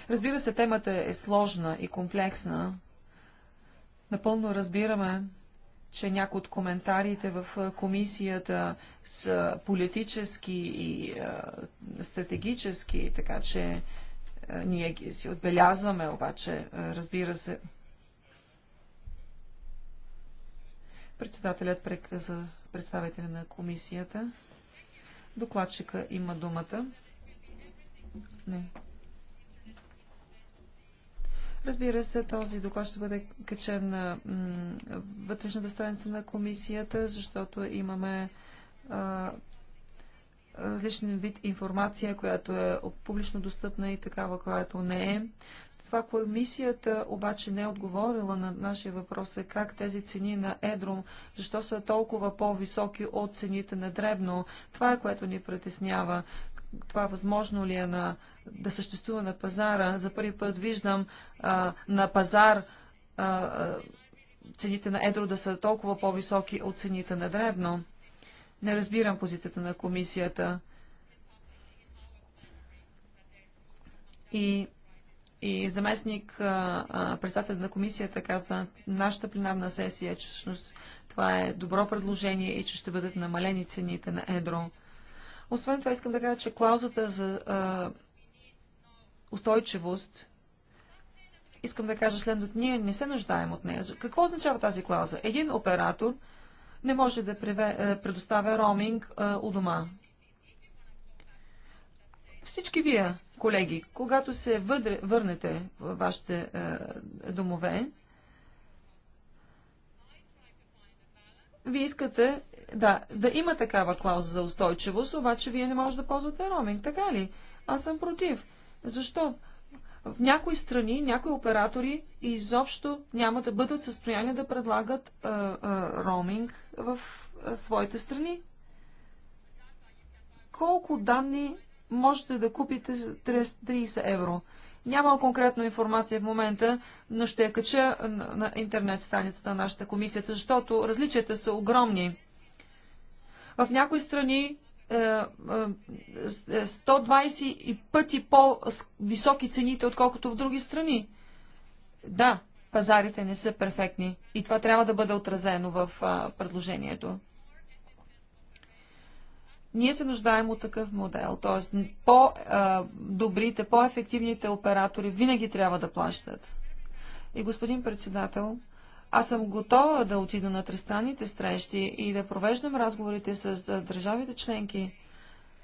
Разбира се, темата е сложна и комплексна. Напълно разбираме, че някои от коментарите в комисията са политически и стратегически, така че ние ги си отбелязваме, обаче, разбира се. Председателят за представителя на комисията. Докладчика има думата. Не. Разбира се, този доклад ще бъде качен на вътрешната страница на комисията, защото имаме различен вид информация, която е публично достъпна и такава, която не е. Това комисията обаче не е отговорила на нашия въпрос е как тези цени на едром, защо са толкова по-високи от цените на дребно. Това е което ни притеснява това възможно ли е на, да съществува на пазара. За първи път виждам а, на пазар а, цените на едро да са толкова по-високи от цените на дребно. Не разбирам позицията на комисията. И, и заместник председател на комисията каза нашата пленарна сесия, че всъщност това е добро предложение и че ще бъдат намалени цените на едро. Освен това искам да кажа, че клаузата за а, устойчивост, искам да кажа следното, ние не се нуждаем от нея. Какво означава тази клауза? Един оператор не може да преве, предоставя роуминг а, у дома. Всички вие, колеги, когато се въдре, върнете в вашите а, домове, вие искате да, да има такава клауза за устойчивост, обаче вие не можете да ползвате роуминг, така ли? Аз съм против. Защо? В някои страни, някои оператори изобщо няма да бъдат в състояние да предлагат роуминг в а, своите страни. Колко данни можете да купите 30 евро? Няма конкретна информация в момента, но ще я кача на интернет страницата на нашата комисия, защото различията са огромни в някои страни 120 е, е, е, пъти по-високи цените, отколкото в други страни. Да, пазарите не са перфектни и това трябва да бъде отразено в предложението. Ние се нуждаем от такъв модел, т.е. по-добрите, по-ефективните оператори винаги трябва да плащат. И господин председател, аз съм готова да отида на тристранните срещи и да провеждам разговорите с държавите членки.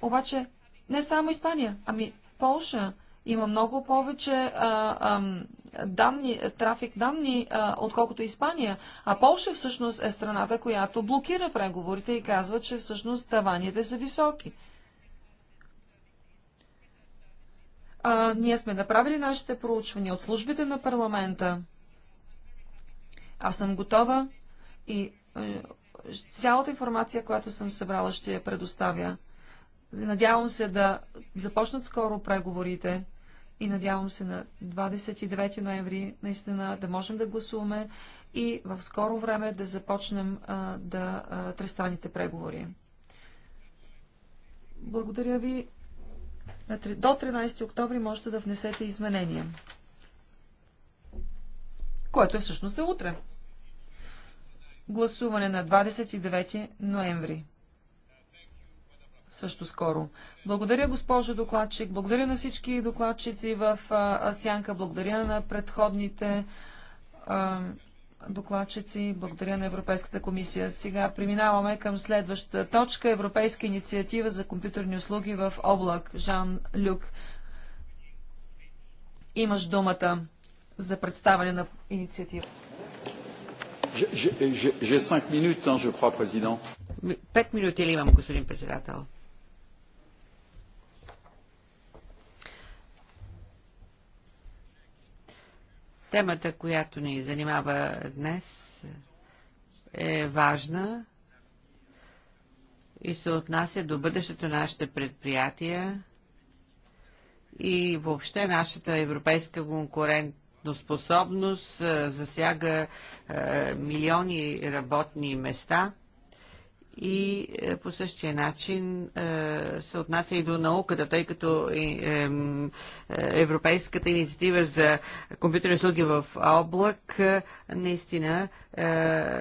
Обаче не само Испания, ами Полша има много повече а, а, данни, трафик данни, а, отколкото Испания. А Полша всъщност е страната, която блокира преговорите и казва, че всъщност таваните са високи. А, ние сме направили нашите проучвания от службите на парламента. Аз съм готова и е, цялата информация, която съм събрала, ще я предоставя. Надявам се да започнат скоро преговорите и надявам се на 29 ноември наистина да можем да гласуваме и в скоро време да започнем а, да а, преговори. Благодаря ви. До 13 октомври можете да внесете изменения, което е всъщност е утре. Гласуване на 29 ноември. Също скоро. Благодаря, госпожо докладчик. Благодаря на всички докладчици в Асянка. Благодаря на предходните докладчици. Благодаря на Европейската комисия. Сега преминаваме към следващата точка. Европейска инициатива за компютърни услуги в облак. Жан Люк. Имаш думата за представяне на инициатива. J'ai 5 minutes, je crois, président. 5 минути ли имам, господин председател? Темата, която ни занимава днес, е важна и се отнася до бъдещето на нашите предприятия и въобще нашата европейска конкурент способност засяга милиони работни места и е, по същия начин е, се отнася и до науката, тъй като е, Европейската инициатива за компютърни услуги в облак наистина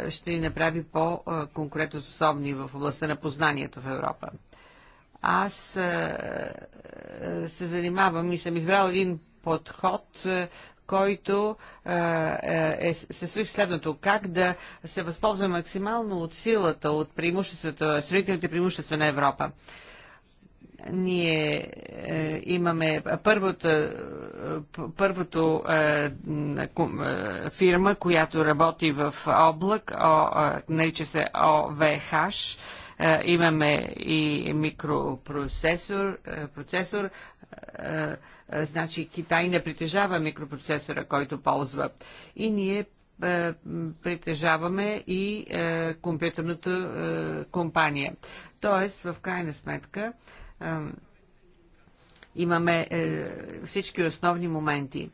ще ни направи по-конкурентоспособни в областта на познанието в Европа. Аз се занимавам и съм избрал един подход, който е, е, се случи следното. Как да се възползва максимално от силата, от преимуществата, строителните преимущества на Европа ние е, имаме първото, е, първото е, е, фирма, която работи в облак, о, нарича се ОВХ. Е, имаме и микропроцесор, процесор, е, е, значи Китай не притежава микропроцесора, който ползва. И ние е, притежаваме и е, компютърната компания. Тоест, в крайна сметка, имаме всички основни моменти.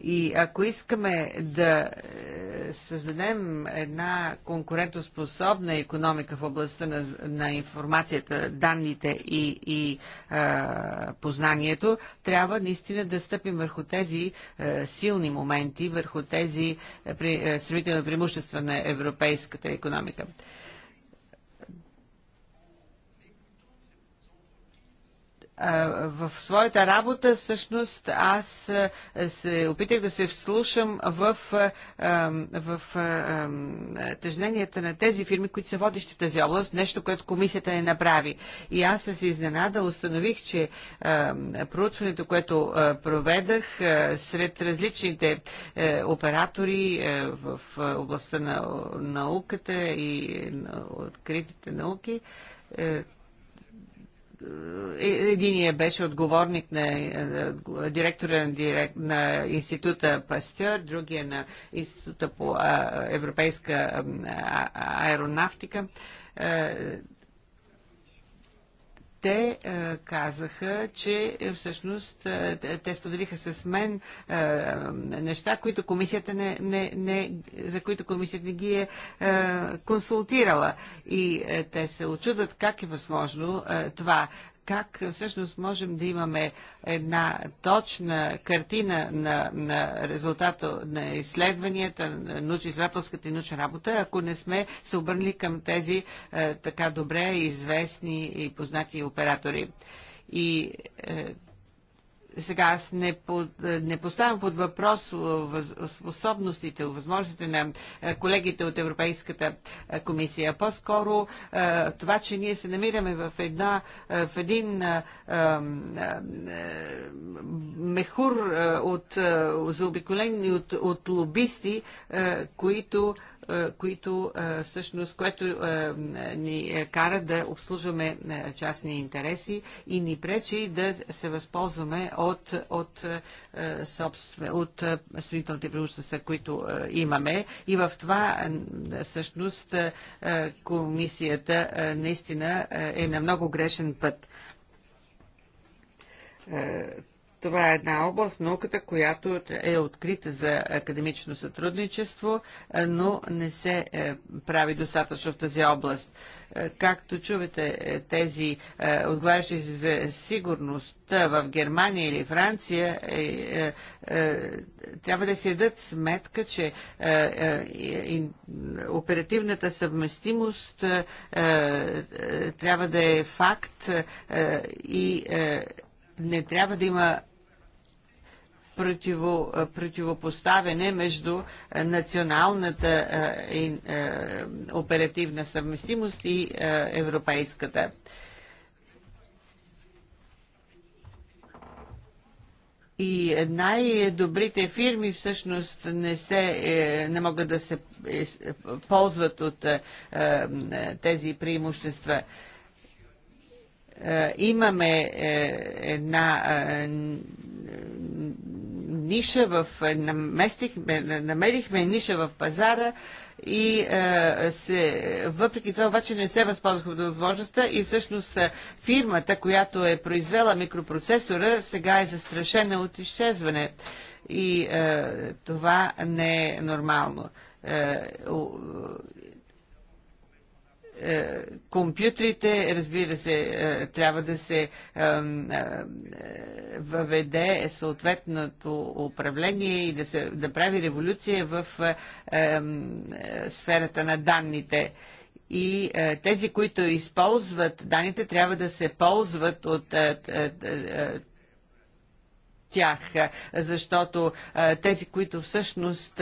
И ако искаме да е, създадем една конкурентоспособна економика в областта на, на информацията, данните и, и а, познанието, трябва наистина да стъпим върху тези а, е, силни моменти, върху тези е, при, а, преимущества на европейската економика. в своята работа всъщност аз се опитах да се вслушам в, в тъжненията на тези фирми, които са водещи в тази област, нещо, което комисията не направи. И аз се изненада установих, че проучването, което проведах сред различните е, оператори е, в областта на науката и е, откритите науки, е, единият беше отговорник на е, директора на, директ, на института Пастер, другия на института по европейска аеронавтика. Е, те е, казаха, че е, всъщност е, те споделиха с мен е, неща, които комисията не, не, не, за които комисията не ги е, е консултирала. И е, те се очудват как е възможно това, как всъщност можем да имаме една точна картина на, на резултата на изследванията, научно-изследователската и научна работа, ако не сме се обърнали към тези е, така добре известни и познати оператори. И е, сега аз не, под, не поставям под въпрос способностите, възможностите на е, колегите от Европейската е, комисия. По-скоро е, това, че ние се намираме в, една, в един мехур от заобиколени от, от лобисти, които които всъщност, което ни кара да обслужваме частни интереси и ни пречи да се възползваме от, от, собствен, от строителните преимущества, които имаме. И в това всъщност комисията наистина е на много грешен път това е една област, науката, която е открита за академично сътрудничество, е, но не се е, прави достатъчно в тази област. Е, както чувате, тези отговарящи за сигурност в Германия или Франция трябва да се дадат сметка, че оперативната съвместимост трябва да е факт и не трябва да има противо, противопоставяне между националната оперативна съвместимост и европейската. И най-добрите фирми всъщност не, се, е, не могат да се е, ползват от е, тези преимущества. Е, имаме е, една е, ниша в... Наместихме, намерихме ниша в пазара и се, въпреки това обаче не се възползваха от възможността и всъщност фирмата, която е произвела микропроцесора, сега е застрашена от изчезване. И е, това не е нормално. Е, е, компютрите, разбира се, е, трябва да се е, въведе съответното управление и да, се, да прави революция в сферата на данните и тези, които използват данните, трябва да се ползват от тях, защото тези, които всъщност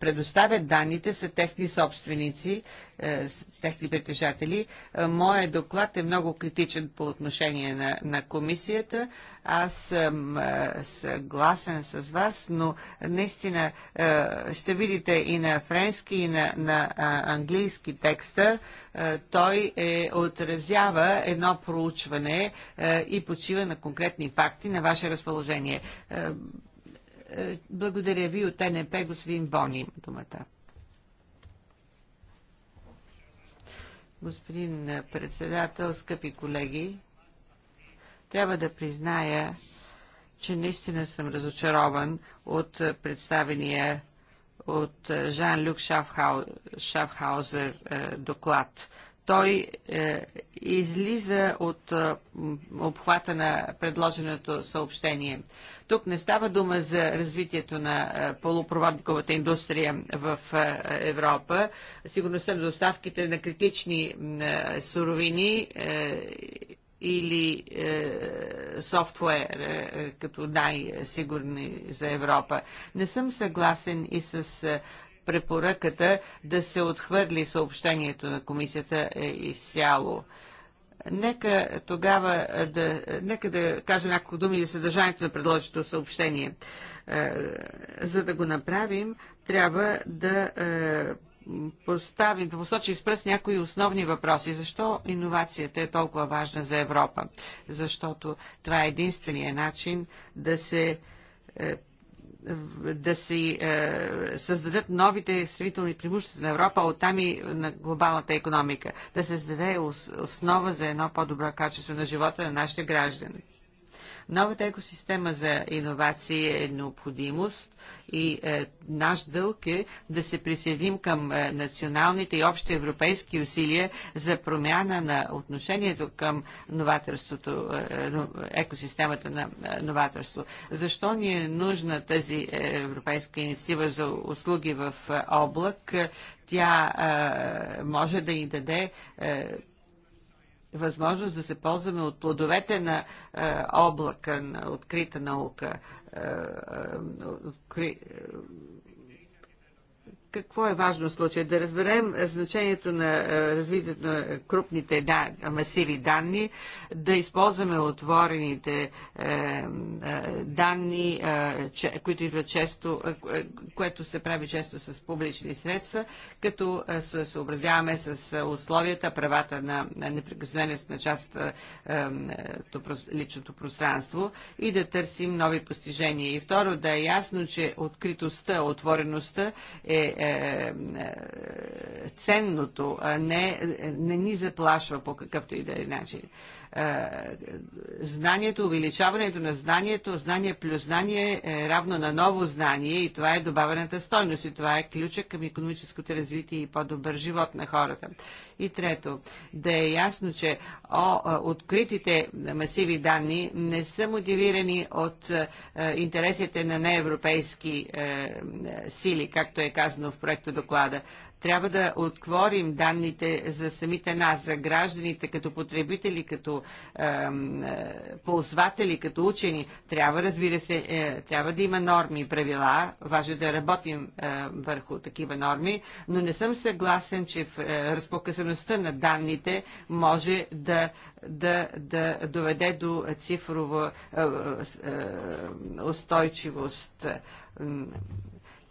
предоставят данните, са техни собственици е, техни притежатели. Е, Моя доклад е много критичен по отношение на, на комисията. Аз съм е, съгласен с вас, но наистина ще видите и на френски, и на, на английски текста. Той е, отразява едно проучване и почива на конкретни факти на ваше разположение. Благодаря ви от НП, господин Бони, думата. Господин председател, скъпи колеги, трябва да призная, че наистина съм разочарован от представения от Жан-Люк Шафхау... Шафхаузер е, доклад. Той е, излиза от е, обхвата на предложеното съобщение. Тук не става дума за развитието на е, полупроводниковата индустрия в е, Европа, сигурността на доставките на критични е, суровини или е, софтуер е, като най-сигурни за Европа. Не съм съгласен и с е, препоръката да се отхвърли съобщението на комисията е, изцяло. Е, Нека тогава да, нека да кажа няколко думи за съдържанието на предложеното съобщение. Е, за да го направим, трябва да е, поставим, да посочи с пръст някои основни въпроси. Защо иновацията е толкова важна за Европа? Защото това е единствения начин да се е, да си е, създадат новите строителни преимущества на Европа, оттам и на глобалната економика. Да се създаде основа за едно по-добро качество на живота на нашите граждани. Новата екосистема за иновации е необходимост и е, наш дълг е да се присъединим към е, националните и общи европейски усилия за промяна на отношението към новаторството, е, е екосистемата на е, новаторство. Защо ни е нужна тази е, европейска инициатива за услуги в е, облак? Тя е, може да ни даде е, възможност да се ползваме от плодовете на е, облака, на открита наука, е, е, откри, е, какво е важно в случая? Да разберем значението на е, развитието на крупните да, масиви данни, да използваме отворените е, е данни, е, които идват често, е, е, което се прави често с публични средства, като се съобразяваме с условията, правата на неприкосновеност на част личното пространство и да търсим нови постижения. И второ, да е ясно, че откритостта, отвореността е е, е, ценното, а не, не ни заплашва по какъвто и да е начин. Е, знанието, увеличаването на знанието, знание плюс знание е равно на ново знание и това е добавената стойност и това е ключа към економическото развитие и по-добър живот на хората. И трето, да е ясно, че о, е, откритите масиви данни не са мотивирани от е, интересите на неевропейски е, сили, както е казано в проекта доклада. Трябва да отворим данните за самите нас, за гражданите, като потребители, като е, е, ползватели, като учени. Трябва, разбира се, е, трябва да има норми и правила. Важно е да работим е, върху такива норми, но не съм съгласен, че в е, разпокъсаността на данните може да да, да доведе до цифрова е, е, е, устойчивост.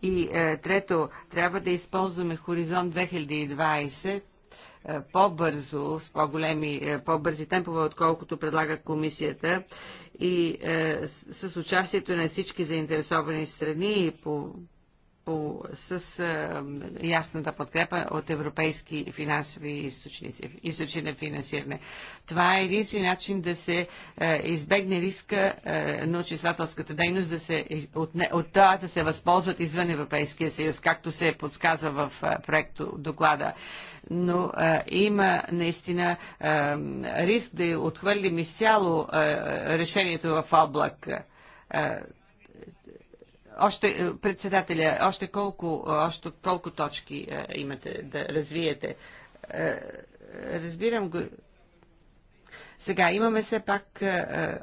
И е, трето, трябва да използваме Хоризонт 2020 е, по-бързо, с по-големи, е, по-бързи темпове, отколкото предлага комисията и е, с участието на всички заинтересовани страни и по по, с а, ясната подкрепа от европейски финансови източници, източни на финансиране. Това е единствен начин да се а, избегне риска а, на очиствателската дейност, да се, от, от това да се възползват извън Европейския съюз, както се подсказва в а, проекто доклада. Но а, има наистина а, риск да отхвърлим изцяло а, решението в облак. А, още, е, председателя, още колко, е, още колко точки е, имате да развиете? разбирам го. Сега имаме все пак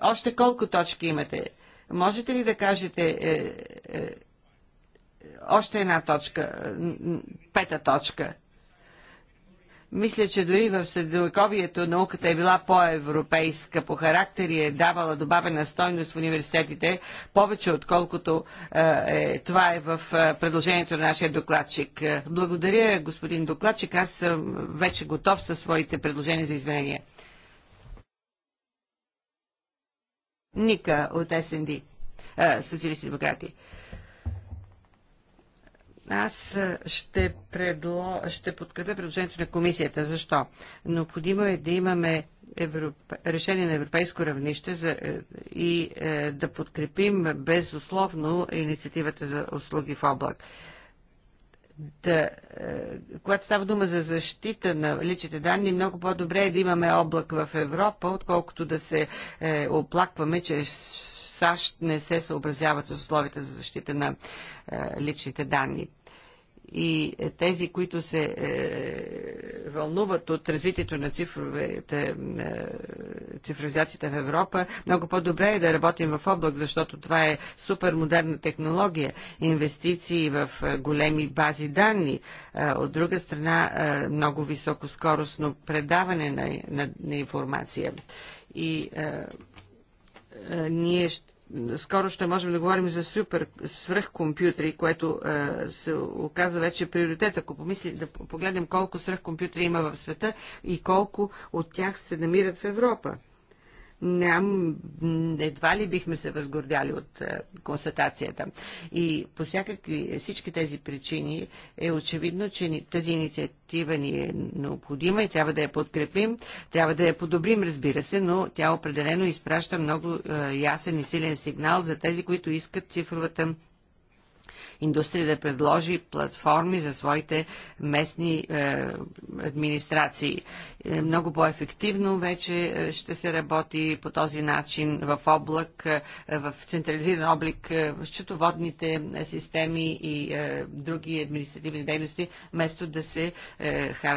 още колко точки имате. Можете ли да кажете е, е, още една точка, пета точка? Мисля, че дори в средновековието науката е била по-европейска по характер и е давала добавена стойност в университетите, повече отколкото е, е това е в е, предложението на нашия докладчик. Е, благодаря, господин докладчик. Аз съм вече готов със своите предложения за изменения. Ника от СНД, социалисти демократи. Аз ще, предло... ще подкрепя предложението на комисията. Защо? Необходимо е да имаме Европ... решение на европейско равнище за... Е, и е, да подкрепим безусловно инициативата за услуги в облак. Да, е, когато става дума за защита на личните данни, много по-добре е да имаме облак в Европа, отколкото да се е, оплакваме, че САЩ не се съобразяват с условията за защита на е, личните данни и е, тези, които се е, вълнуват от развитието на цифровите, е, цифровизацията в Европа, много по-добре е да работим в облак, защото това е супермодерна технология, инвестиции в е, големи бази данни, е, от друга страна е, много високоскоростно предаване на, на, на информация. И е, е, ние скоро ще можем да говорим за супер свръхкомпютри, което е, се оказа вече приоритет. Ако помисли да погледнем колко свръхкомпютри има в света и колко от тях се намират в Европа ням, едва ли бихме се възгордяли от е, констатацията. И по всякакви всички тези причини е очевидно, че тази инициатива ни е необходима и трябва да я подкрепим, трябва да я подобрим, разбира се, но тя определено изпраща много е, ясен и силен сигнал за тези, които искат цифровата индустрия да предложи платформи за своите местни е, администрации. Е, много по-ефективно вече е, ще се работи по този начин в облак, в централизиран облик, в счетоводните системи и други административни дейности, вместо да се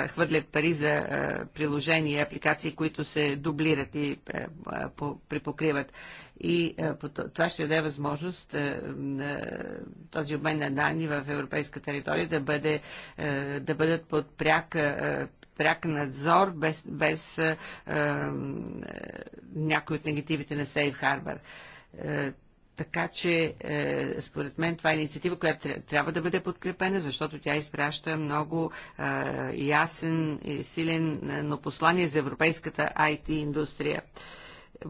хвърлят пари за приложения и апликации, които се дублират и припокриват и е, това ще даде възможност е, е, този обмен на данни в европейска територия да, бъде, да бъдат под пряк пряк надзор, без, без е, някои от негативите на Сейф Харбър. Е, така че, е, според мен, това е инициатива, която трябва да бъде подкрепена, защото тя изпраща много е, ясен и силен но послание за европейската IT индустрия. Е,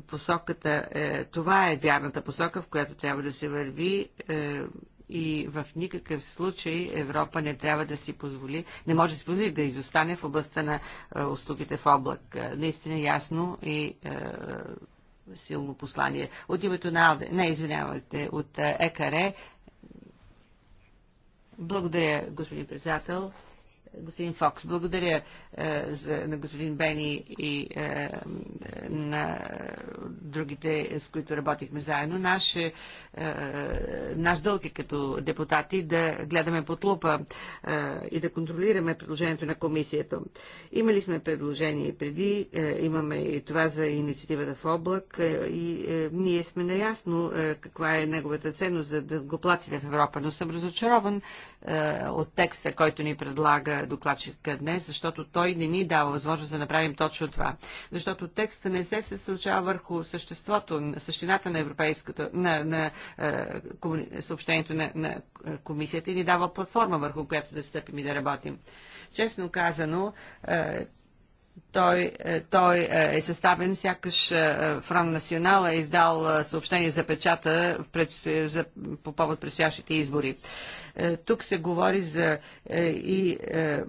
посоката, е, това е вярната посока, в която трябва да се върви е, и в никакъв случай Европа не трябва да си позволи, не може да си позволи да изостане в областта на е, услугите в облак. Е, наистина ясно и е, силно послание. От името на Алде, не, извинявайте, от е, ЕКАРЕ. Благодаря, господин председател господин Фокс. Благодаря е, за, на господин Бени и е, на другите, с които работихме заедно. Наш, е, е, наш дълг е като депутати да гледаме под лупа е, и да контролираме предложението на комисията. Имали сме предложение преди, е, имаме и това за инициативата в облак е, и е, ние сме наясно е, каква е неговата ценност за дългоплаците в Европа, но съм разочарован, е, от текста, който ни предлага докладчика днес, защото той не ни дава възможност да направим точно това. Защото текста не се съсредоточава върху съществото, същината на европейското, на, на е, съобщението на, на комисията и ни дава платформа, върху която да стъпим и да работим. Честно казано, е, той, той е съставен, сякаш Фронт Национал е издал съобщение за печата пред, за, по повод предстоящите избори. Тук се говори за е, и е,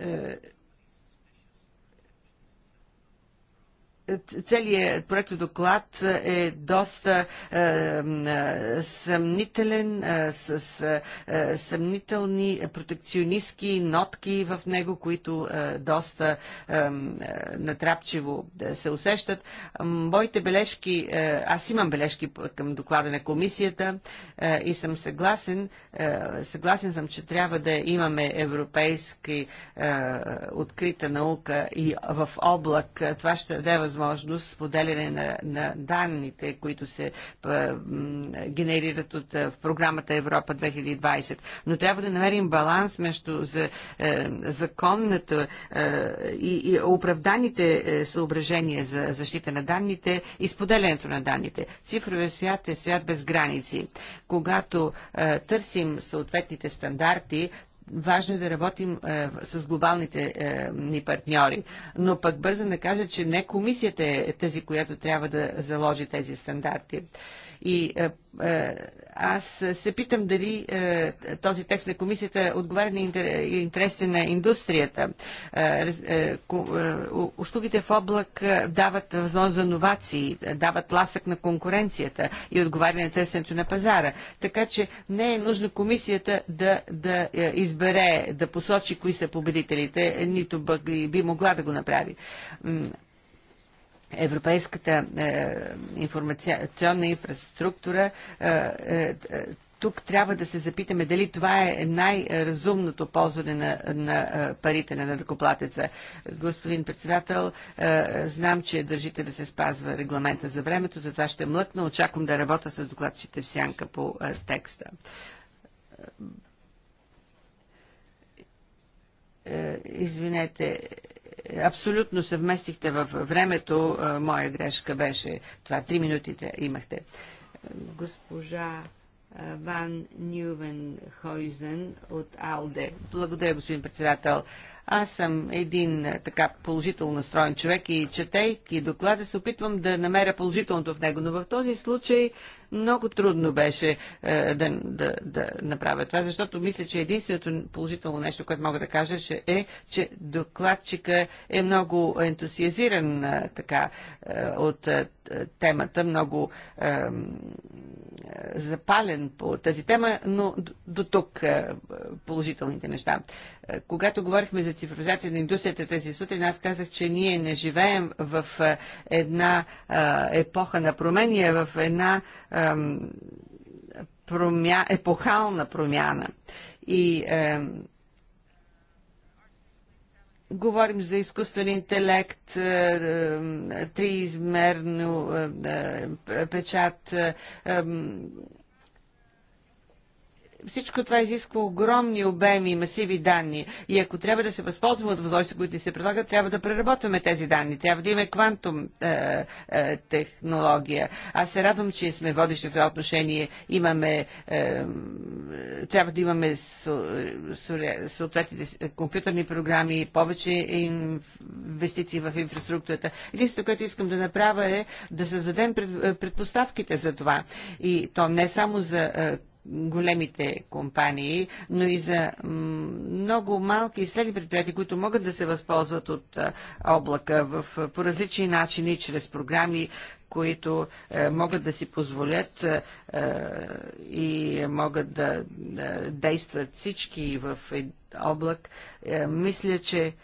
е, целият проект доклад е доста е, е, съмнителен, е, с е, е съмнителни е, протекционистки нотки в него, които е, доста е, натрапчиво се усещат. Моите бележки, е, аз имам бележки към доклада на комисията е, и съм съгласен, е, съгласен съм, че трябва да имаме европейски е, открита наука и в облак. Това ще даде възможност възможност споделяне на, на данните, които се а, генерират от а, е, в програмата Европа 2020. Но трябва да намерим баланс между за, а, е, законната а, е, и, и оправданите съображения за защита на данните и споделянето на данните. Цифровия свят е свят без граници. Когато а, търсим съответните стандарти, важно е да работим е, с глобалните е, ни партньори. Но пък бързам да кажа, че не комисията е тази, която трябва да заложи тези стандарти. Е, и е, е, аз се питам дали е, този текст на комисията отговаря на интересите на индустрията. Услугите в облак дават възможност за новации, дават ласък на конкуренцията и отговаря на търсенето на пазара. Така че не е нужно комисията да, да избере, да посочи кои са победителите, нито би могла да го направи. Европейската е, информационна инфраструктура е, е, тук трябва да се запитаме дали това е най-разумното ползване на, на парите на наркоплатеца. Господин председател, знам, че държите да се спазва регламента за времето, затова ще млъкна. Очаквам да работя с докладчите в сянка по текста. Извинете, абсолютно съвместихте във времето. Моя грешка беше това. Три минутите имахте. Госпожа Ван Нювен Хойзен от АЛДЕ. Благодаря, господин председател. Аз съм един е, така положително настроен човек и четейки доклада се опитвам да намеря положителното в него, но в този случай много трудно беше е, да, да, да направя това, защото мисля, че единственото положително нещо, което мога да кажа, че е, че докладчика е много ентусиазиран е, така е, от е, темата, много е, запален по тази тема, но до, до тук е, положителните неща. Е, когато говорихме за цифровизация на индустрията тези сутрин, аз казах, че ние не живеем в една епоха на промени, а в една промя... епохална промяна. И Говорим за изкуствен интелект, триизмерно печат, всичко това изисква огромни обеми и масиви данни. И ако трябва да се възползваме от възможности, които ни се предлагат, трябва да преработваме тези данни. Трябва да имаме квантум е, е, технология. Аз се радвам, че сме водещи в това отношение. Имаме, е, трябва да имаме съответните компютърни програми, повече инвестиции в инфраструктурата. Единственото, което искам да направя е да създадем е, предпоставките за това. И то не само за е, големите компании, но и за много малки и средни предприятия, които могат да се възползват от облака в, по различни начини, чрез програми, които е, могат да си позволят е, е и могат да е, действат всички в облак. Е, мисля, че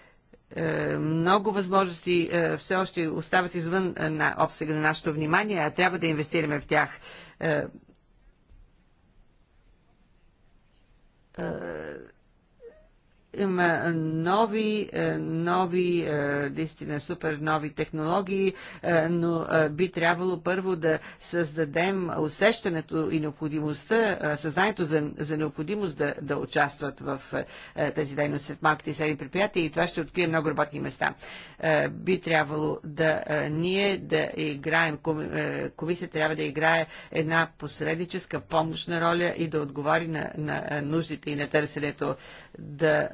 е, много възможности е, все още остават извън на обсега на нашето внимание, а трябва да инвестираме в тях. е, има нови, е, нови, е, наистина супер нови технологии, е, но би трябвало първо да създадем усещането и необходимостта, съзнанието за, за необходимост да, да участват в тези дейности, сред малките и средни предприятия и това ще открие много работни места. Би трябвало да ние да играем, комисията трябва да играе една посредническа помощна роля и да отговори на, на нуждите и на търсенето да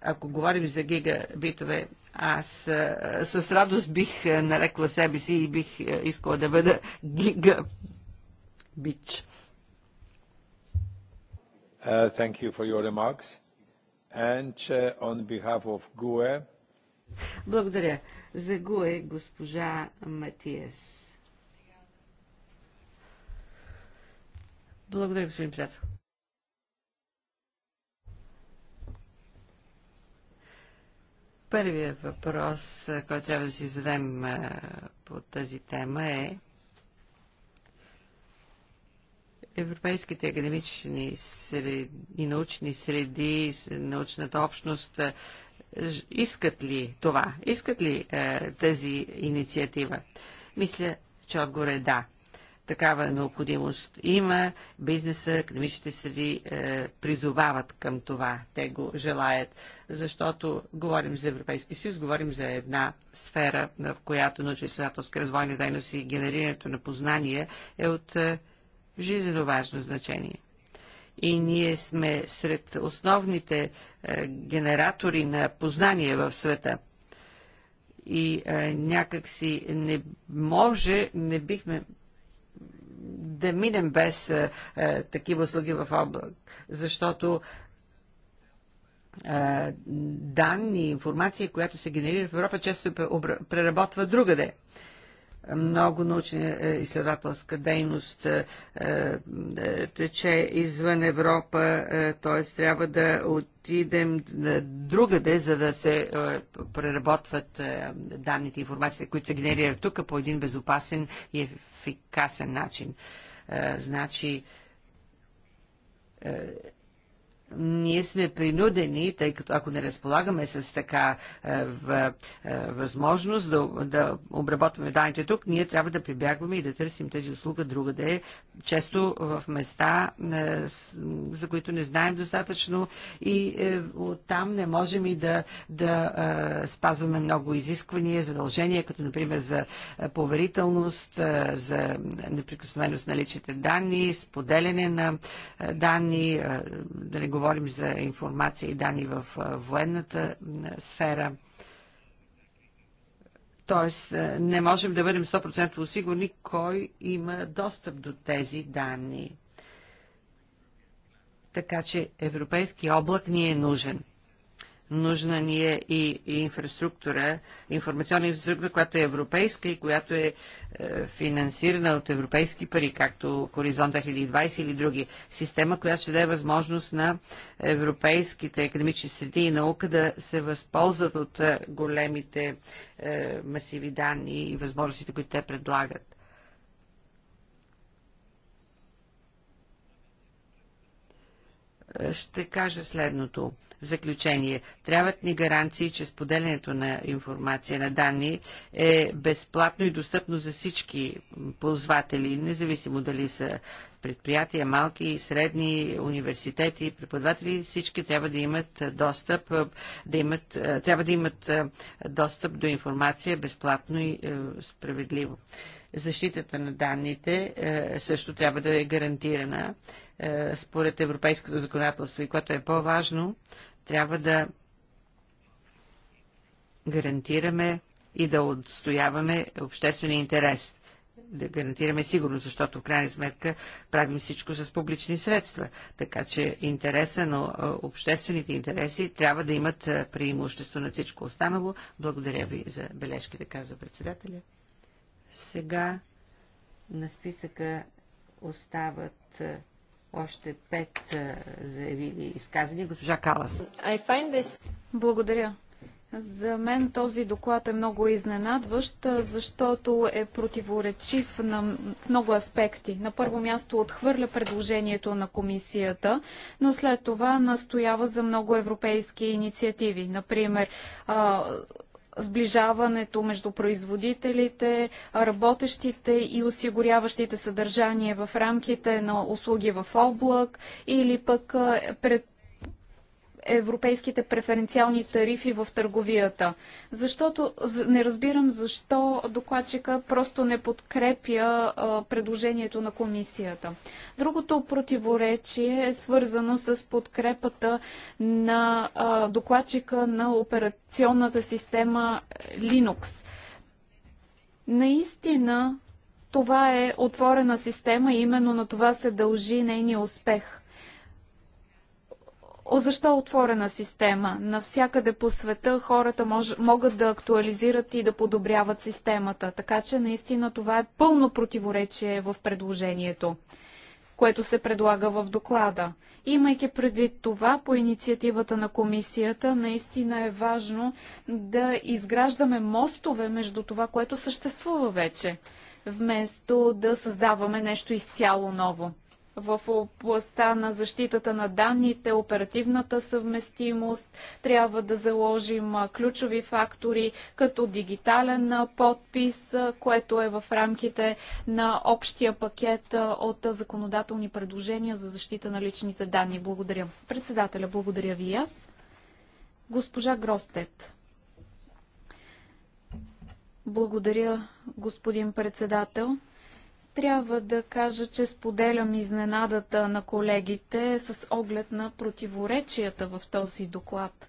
ако говорим за гигабитове, аз а, с радост бих нарекла себе си и бих искала да бъда гигабич. Uh, uh, e, Благодаря. За ГУЕ госпожа Матиес. Благодаря, господин Пляцов. Първият въпрос, който трябва да си зададем по тази тема е Европейските академични среди, и научни среди, научната общност искат ли това? Искат ли е, тази инициатива? Мисля, че отговор е да такава необходимост има. Бизнеса, академичните среди е, призовават към това. Те го желаят, защото говорим за Европейски съюз, говорим за една сфера, в която научно-изследователска развойна дейност и генерирането на познание е от е, жизненно важно значение. И ние сме сред основните е, генератори на познание в света и е, някакси не може, не бихме да минем без е, е, такива услуги в облак, защото е, данни, информация, която се генерира в Европа, често се преработва другаде много научна изследователска дейност тече извън Европа, т.е. трябва да отидем другаде, за да се преработват данните и информациите, които се генерират тук по един безопасен и ефикасен начин. Е, значи, е, ние сме принудени, тъй като ако не разполагаме с така е, в, е, възможност да, да обработваме данните тук, ние трябва да прибягваме и да търсим тези услуга друга да често в места, е, за които не знаем достатъчно и е, оттам не можем и да, да е, спазваме много изисквания, задължения, като например за е, поверителност, е, за неприкосновеност на личните данни, споделяне на е, данни, е, да не го говорим за информация и данни в военната сфера. Тоест, не можем да бъдем 100% сигурни кой има достъп до тези данни. Така че европейски облак ни е нужен. Нужна ни е и, и инфраструктура, информационна инфраструктура, която е европейска и която е, е финансирана от европейски пари, както Хоризонт 2020 или други. Система, която ще даде възможност на европейските академични среди и наука да се възползват от е, големите е, масиви данни и възможностите, които те предлагат. Е, ще кажа следното. В заключение, трябват ни гаранции, че споделянето на информация на данни е безплатно и достъпно за всички ползватели, независимо дали са предприятия, малки, средни, университети, преподаватели, всички трябва да имат достъп, да имат, трябва да имат достъп до информация безплатно и справедливо. Защитата на данните също трябва да е гарантирана според европейското законодателство и което е по-важно, трябва да гарантираме и да отстояваме обществения интерес, да гарантираме сигурност, защото в крайна сметка правим всичко с публични средства. Така че интереса на обществените интереси трябва да имат преимущество на всичко останало. Благодаря ви за бележките, казва председателя. Сега на списъка остават още пет заявили изказани. Госпожа Калас. This... Благодаря. За мен този доклад е много изненадващ, защото е противоречив на в много аспекти. На първо място отхвърля предложението на комисията, но след това настоява за много европейски инициативи. Например, сближаването между производителите, работещите и осигуряващите съдържание в рамките на услуги в облак или пък пред европейските преференциални тарифи в търговията. Защото не разбирам защо докладчика просто не подкрепя предложението на комисията. Другото противоречие е свързано с подкрепата на докладчика на операционната система Linux. Наистина това е отворена система и именно на това се дължи нейния успех – О, защо е отворена система? Навсякъде по света хората мож, могат да актуализират и да подобряват системата, така че наистина това е пълно противоречие в предложението което се предлага в доклада. Имайки предвид това, по инициативата на комисията, наистина е важно да изграждаме мостове между това, което съществува вече, вместо да създаваме нещо изцяло ново в областта на защитата на данните, оперативната съвместимост. Трябва да заложим ключови фактори, като дигитален подпис, което е в рамките на общия пакет от законодателни предложения за защита на личните данни. Благодаря. Председателя, благодаря ви и аз. Госпожа Гростет. Благодаря, господин председател. Трябва да кажа, че споделям изненадата на колегите с оглед на противоречията в този доклад.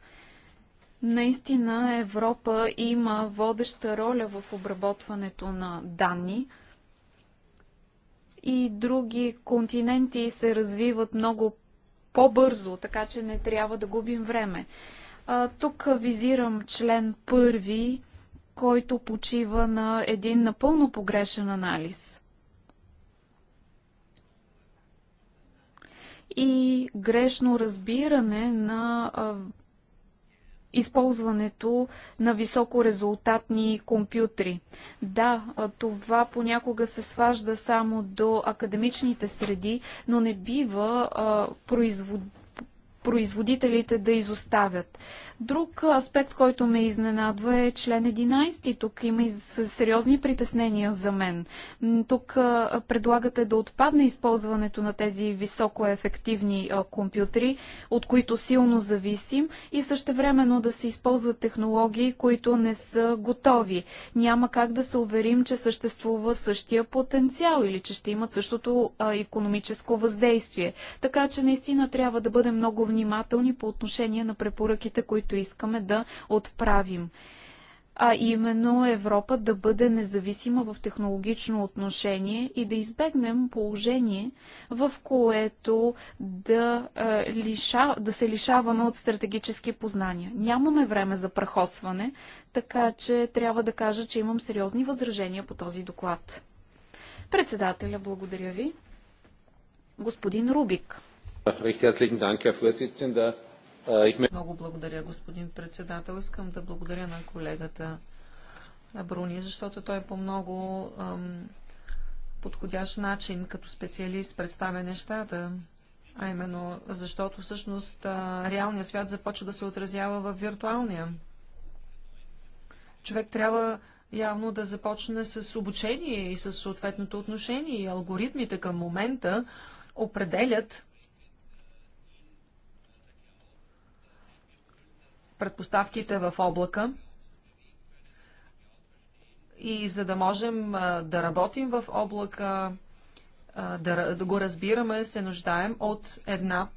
Наистина Европа има водеща роля в обработването на данни и други континенти се развиват много по-бързо, така че не трябва да губим време. А, тук визирам член първи, който почива на един напълно погрешен анализ. и грешно разбиране на използването на високорезултатни компютри. Да, това понякога се сважда само до академичните среди, но не бива производ производителите да изоставят. Друг аспект, който ме изненадва е член 11. Тук има и сериозни притеснения за мен. Тук предлагате да отпадне използването на тези високоефективни компютри, от които силно зависим и същевременно да се използват технологии, които не са готови. Няма как да се уверим, че съществува същия потенциал или че ще имат същото економическо въздействие. Така че наистина трябва да бъдем много внимателни внимателни по отношение на препоръките, които искаме да отправим а именно Европа да бъде независима в технологично отношение и да избегнем положение, в което да, е, лиша, да се лишаваме от стратегически познания. Нямаме време за прахосване, така че трябва да кажа, че имам сериозни възражения по този доклад. Председателя, благодаря ви. Господин Рубик. Äh, много благодаря, господин председател. Искам да благодаря на колегата Бруни, защото той по много ам, подходящ начин като специалист представя нещата. А именно, защото всъщност реалният свят започва да се отразява в виртуалния. Човек трябва явно да започне с обучение и с съответното отношение. И алгоритмите към момента определят предпоставките в облака. И за да можем да работим в облака, да, да го разбираме, се нуждаем от една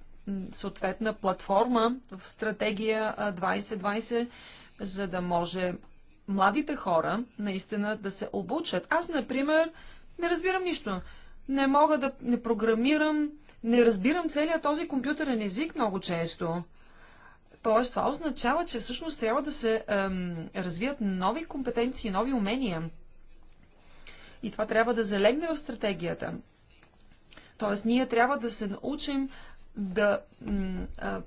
съответна платформа в стратегия 2020, за да може младите хора наистина да се обучат. Аз, например, не разбирам нищо. Не мога да не програмирам, не разбирам целият този компютърен език много често. Тоест, това означава, че всъщност трябва да се ем, развият нови компетенции, нови умения. И това трябва да залегне в стратегията. Тоест, ние трябва да се научим да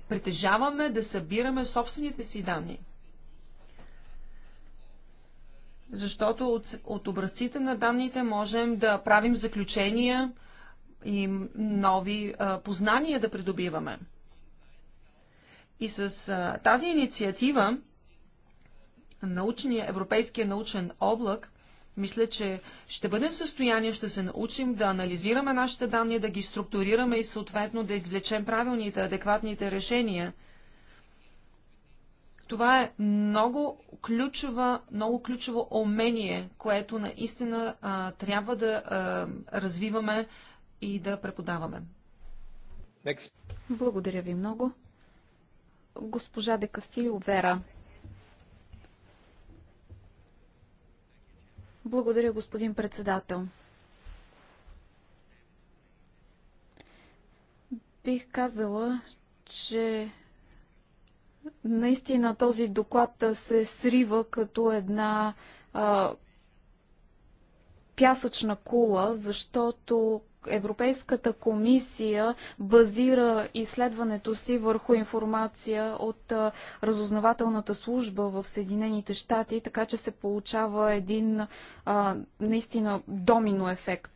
притежаваме, да събираме собствените си данни. Защото от, от образците на данните можем да правим заключения и нови а, познания да придобиваме. И с а, тази инициатива, научния, Европейския научен облак, мисля, че ще бъдем в състояние, ще се научим да анализираме нашите данни, да ги структурираме и съответно да извлечем правилните, адекватните решения. Това е много, ключова, много ключово умение, което наистина а, трябва да а, развиваме и да преподаваме. Next. Благодаря ви много госпожа Де Декастилио Вера. Благодаря, господин председател. Бих казала, че наистина този доклад се срива като една а, пясъчна кула, защото Европейската комисия базира изследването си върху информация от разузнавателната служба в Съединените щати, така че се получава един а, наистина домино ефект.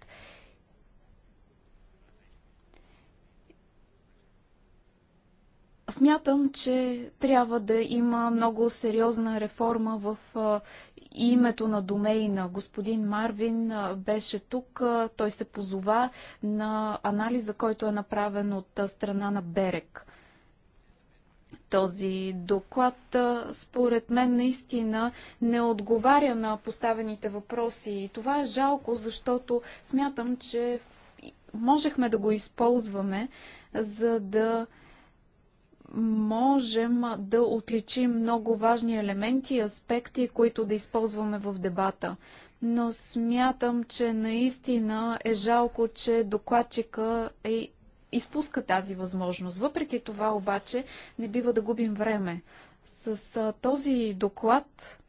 Смятам, че трябва да има много сериозна реформа в името на домейна. Господин Марвин беше тук. Той се позова на анализа, който е направен от страна на Берек. Този доклад, според мен, наистина не отговаря на поставените въпроси. И това е жалко, защото смятам, че можехме да го използваме, за да можем да отличим много важни елементи и аспекти, които да използваме в дебата. Но смятам, че наистина е жалко, че докладчика е изпуска тази възможност. Въпреки това обаче не бива да губим време. С този доклад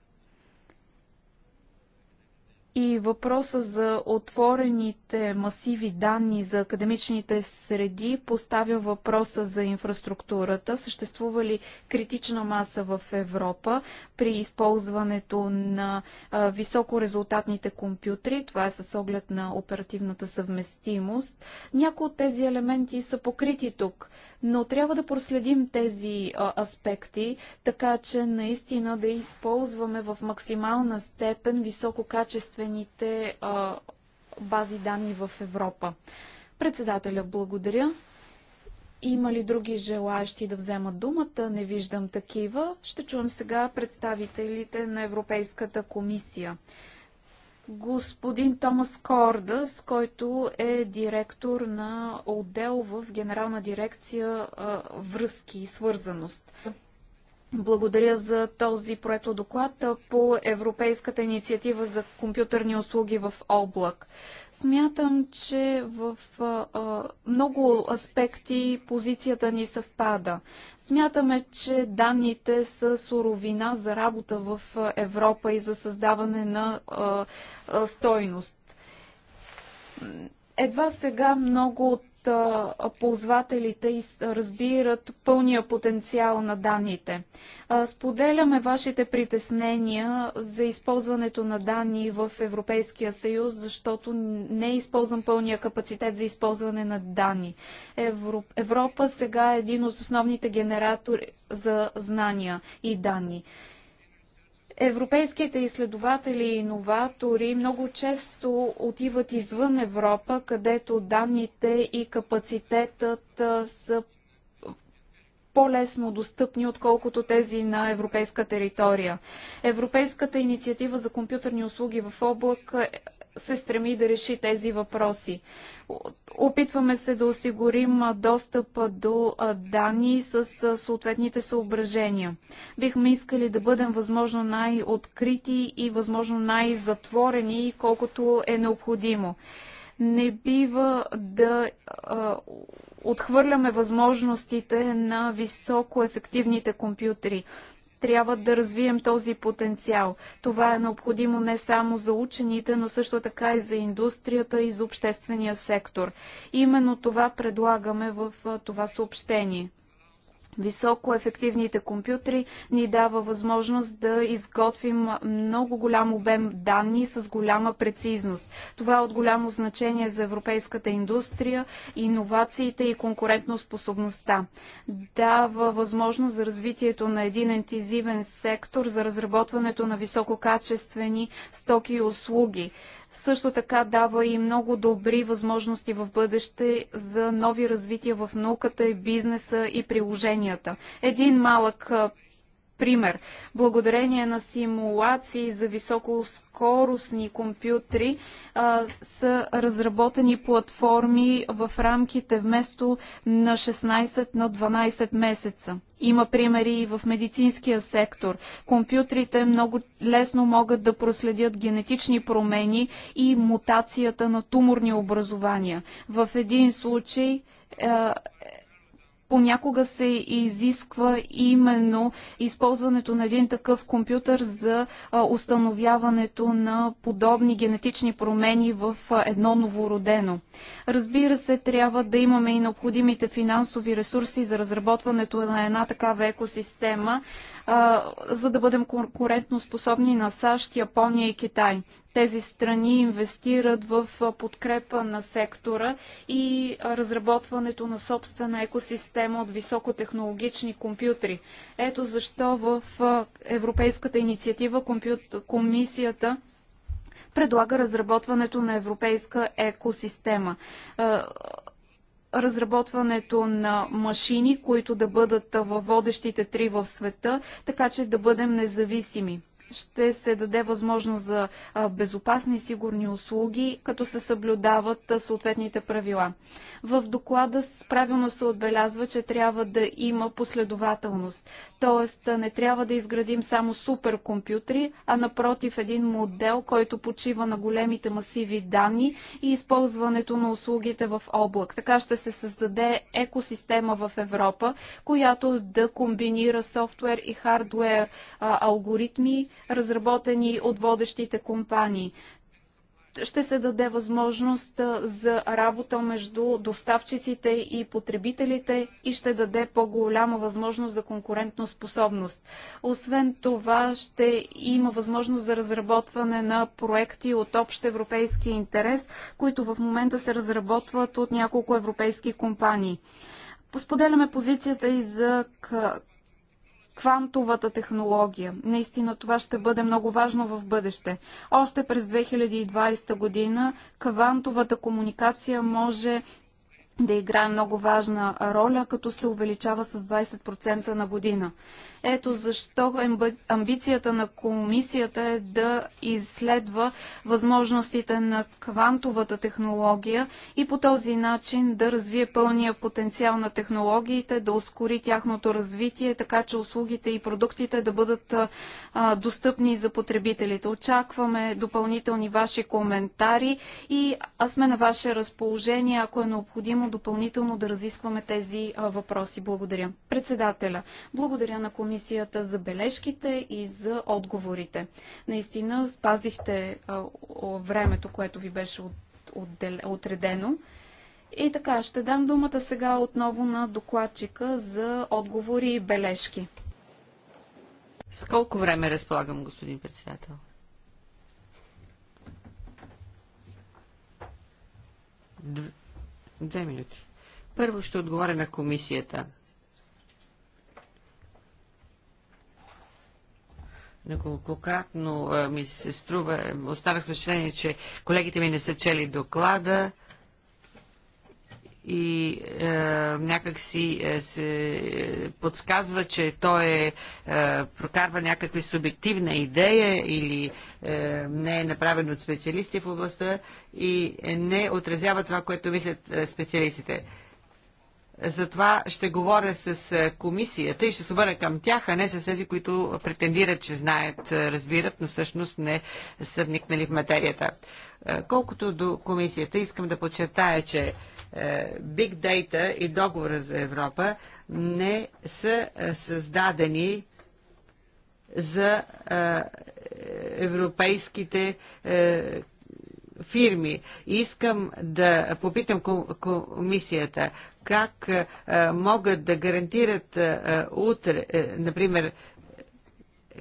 и въпроса за отворените масиви данни за академичните среди поставя въпроса за инфраструктурата. Съществува ли критична маса в Европа при използването на високорезултатните компютри? Това е с оглед на оперативната съвместимост. Някои от тези елементи са покрити тук но трябва да проследим тези а, аспекти, така че наистина да използваме в максимална степен висококачествените а, бази данни в Европа. Председателя, благодаря. Има ли други желаящи да вземат думата? Не виждам такива. Ще чуем сега представителите на Европейската комисия господин Томас Кордас, който е директор на отдел в Генерална дирекция връзки и свързаност. Благодаря за този проекто доклад по Европейската инициатива за компютърни услуги в облак. Смятам, че в а, много аспекти позицията ни съвпада. Смятаме, че данните са суровина за работа в Европа и за създаване на а, а, стойност едва сега много от ползвателите и разбират пълния потенциал на данните. Споделяме вашите притеснения за използването на данни в Европейския съюз, защото не е използван пълния капацитет за използване на данни. Европа сега е един от основните генератори за знания и данни. Европейските изследователи и иноватори много често отиват извън Европа, където данните и капацитетът са по-лесно достъпни, отколкото тези на европейска територия. Европейската инициатива за компютърни услуги в облак се стреми да реши тези въпроси. Опитваме се да осигурим достъп до данни с съответните съображения. Бихме искали да бъдем възможно най-открити и възможно най-затворени, колкото е необходимо. Не бива да а, отхвърляме възможностите на високо ефективните компютри трябва да развием този потенциал. Това е необходимо не само за учените, но също така и за индустрията и за обществения сектор. Именно това предлагаме в това съобщение. Високоефективните компютри ни дава възможност да изготвим много голям обем данни с голяма прецизност. Това е от голямо значение за европейската индустрия, иновациите и конкурентоспособността. Дава възможност за развитието на един ентизивен сектор за разработването на висококачествени стоки и услуги. Също така дава и много добри възможности в бъдеще за нови развития в науката и бизнеса и приложенията. Един малък пример. Благодарение на симулации за високоскоростни компютри а, са разработени платформи в рамките вместо на 16 на 12 месеца. Има примери и в медицинския сектор. Компютрите много лесно могат да проследят генетични промени и мутацията на туморни образования. В един случай понякога се изисква именно използването на един такъв компютър за установяването на подобни генетични промени в едно новородено. Разбира се, трябва да имаме и необходимите финансови ресурси за разработването на една такава екосистема, за да бъдем конкурентно способни на САЩ, Япония и Китай тези страни инвестират в подкрепа на сектора и разработването на собствена екосистема от високотехнологични компютри. Ето защо в Европейската инициатива комисията предлага разработването на европейска екосистема разработването на машини, които да бъдат във водещите три в света, така че да бъдем независими ще се даде възможност за безопасни и сигурни услуги, като се съблюдават съответните правила. В доклада правилно се отбелязва, че трябва да има последователност. Тоест, не трябва да изградим само суперкомпютри, а напротив един модел, който почива на големите масиви данни и използването на услугите в облак. Така ще се създаде екосистема в Европа, която да комбинира софтуер и хардуер, алгоритми, разработени от водещите компании ще се даде възможност за работа между доставчиците и потребителите и ще даде по-голяма възможност за конкурентно способност. Освен това ще има възможност за разработване на проекти от общ европейски интерес, които в момента се разработват от няколко европейски компании. Споделяме позицията и за квантовата технология. Наистина това ще бъде много важно в бъдеще. Още през 2020 година квантовата комуникация може да играе много важна роля, като се увеличава с 20% на година. Ето защо амбицията на комисията е да изследва възможностите на квантовата технология и по този начин да развие пълния потенциал на технологиите, да ускори тяхното развитие, така че услугите и продуктите да бъдат а, достъпни за потребителите. Очакваме допълнителни ваши коментари и аз сме на ваше разположение, ако е необходимо допълнително да разискваме тези а, въпроси. Благодаря. Председателя, благодаря на комисията комисията за бележките и за отговорите. Наистина спазихте времето, което ви беше отредено. И така, ще дам думата сега отново на докладчика за отговори и бележки. С колко време разполагам, господин председател? Две минути. Първо ще отговоря на комисията – Неколкократно ми се струва, останах впечатление, че колегите ми не са чели доклада и е, някак си е, се подсказва, че той е, прокарва някакви субективна идея или е, не е направен от специалисти в областта и не отразява това, което мислят специалистите. Затова ще говоря с е, комисията и ще се върна към тях, а не с тези, които претендират, че знаят, е, разбират, но всъщност не са вникнали в материята. Е, колкото до комисията, искам да подчертая, че Big Data и договора за Европа не са създадени за европейските фирми. Искам да попитам комисията как могат да гарантират утре, е, например,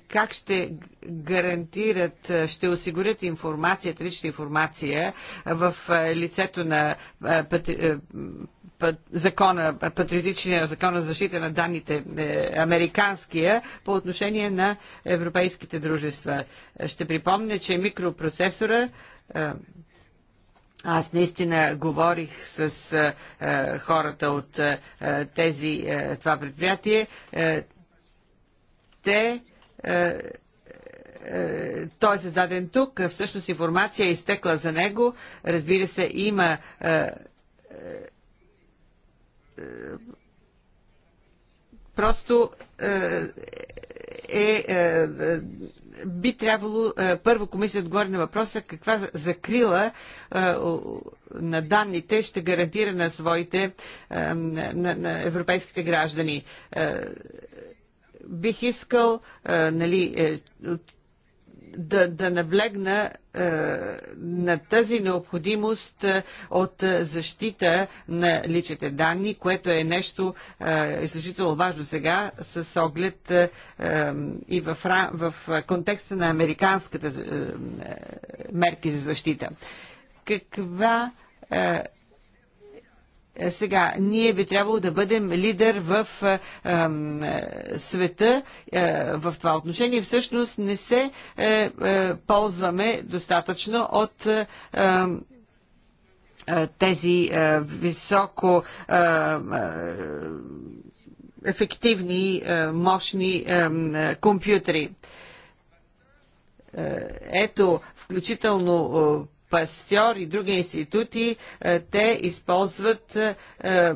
как ще гарантират, ще осигурят информацията, лична информация в лицето на пат... закона, патриотичния закон за защита на данните, е, американския, по отношение на европейските дружества. Ще припомня, че микропроцесора е, аз наистина говорих с а, е, е, хората от а, тези, а, това предприятие. А, те. а, той е създаден тук, всъщност информация е изтекла за него. Разбира се, има А, а, просто А, е, е би трябвало е, първо комисия отговори на въпроса каква закрила е, на данните ще гарантира на своите е, на, на европейските граждани. Е, бих искал, е, нали, е, да, да наблегна е, на тази необходимост е, от защита на личните данни, което е нещо е, изключително важно сега с оглед е, е и в, в контекста на американската е, е, мерки за защита. Каква е, е, сега, ние би трябвало да бъдем лидер в е, е, света в това отношение. Всъщност не се ползваме достатъчно от. тези е, високо е, ефективни, е, мощни компютри. Ето, включително Пастьор и други институти, е, те използват е, е,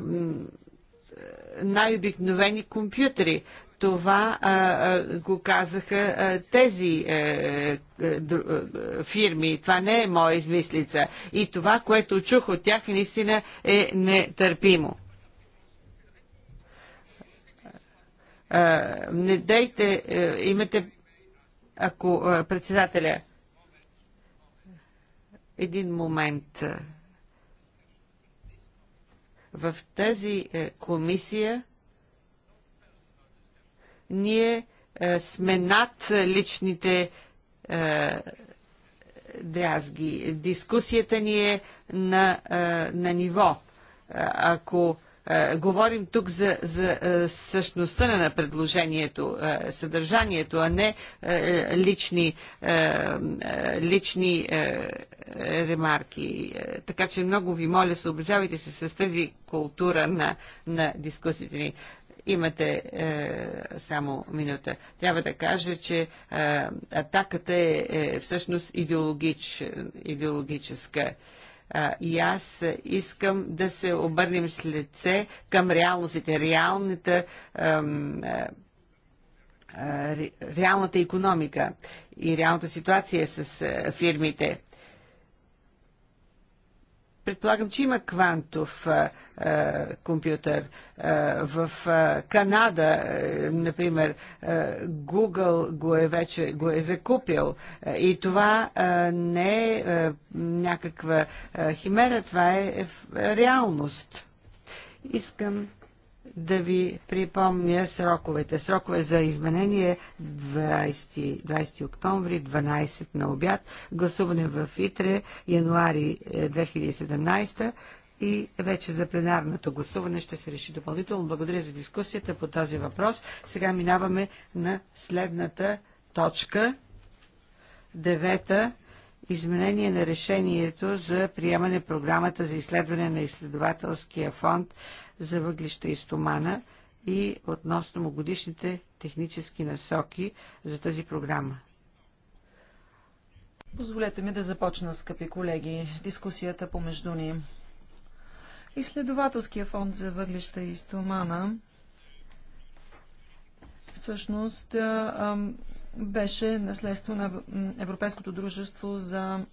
най-обикновени компютри. Това а, а, го казаха а, тези а, фирми. Това не е моя измислица. И това, което чух от тях, наистина е нетърпимо. А, не дайте, а, имате, ако а, председателя един момент. В тази е, комисия ние е, сме над личните е, дрязги. Дискусията ни е на, на ниво. Ако е, говорим тук за, за е, същността на предложението, е, съдържанието, а не лични, лични ремарки. Така че много ви моля, съобразявайте се с тази култура на, на дискусите ни имате е, само минута. Трябва да кажа, че е, атаката е, е всъщност идеологич, идеологическа и аз искам да се обърнем с лице към реалностите, реалната реалната економика и реалната ситуация с фирмите. Предполагам, че има квантов а, а, компютър. А, в а, Канада, а, например, а, Google го е вече го е закупил. А, и това а, не е а, някаква а, химера, това е, е реалност. Искам да ви припомня сроковете. Срокове за изменение 20, 20 октомври, 12 на обяд, гласуване в ИТРЕ, януари 2017 е, и вече за пленарното гласуване ще се реши допълнително. Благодаря за дискусията по този въпрос. Сега минаваме на следната точка. Девета изменение на решението за приемане програмата за изследване на изследователския фонд за въглища и стомана и относно му годишните технически насоки за тази програма. Позволете ми да започна, скъпи колеги, дискусията помежду ни. Изследователския фонд за въглища и стомана всъщност беше наследство на Европейското дружество за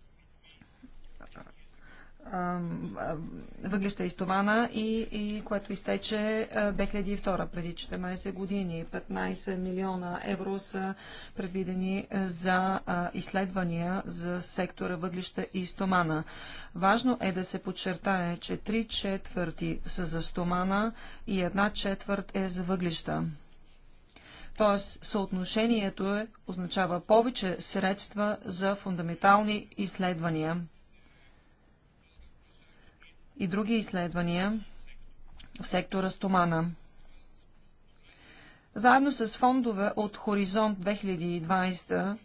въглища и стомана и, и което изтече 2002, преди 14 години. 15 милиона евро са предвидени за изследвания за сектора въглища и стомана. Важно е да се подчертае, че 3 четвърти са за стомана и една четвърт е за въглища т.е. съотношението е, означава повече средства за фундаментални изследвания и други изследвания в сектора стомана. Заедно с фондове от Хоризонт 2020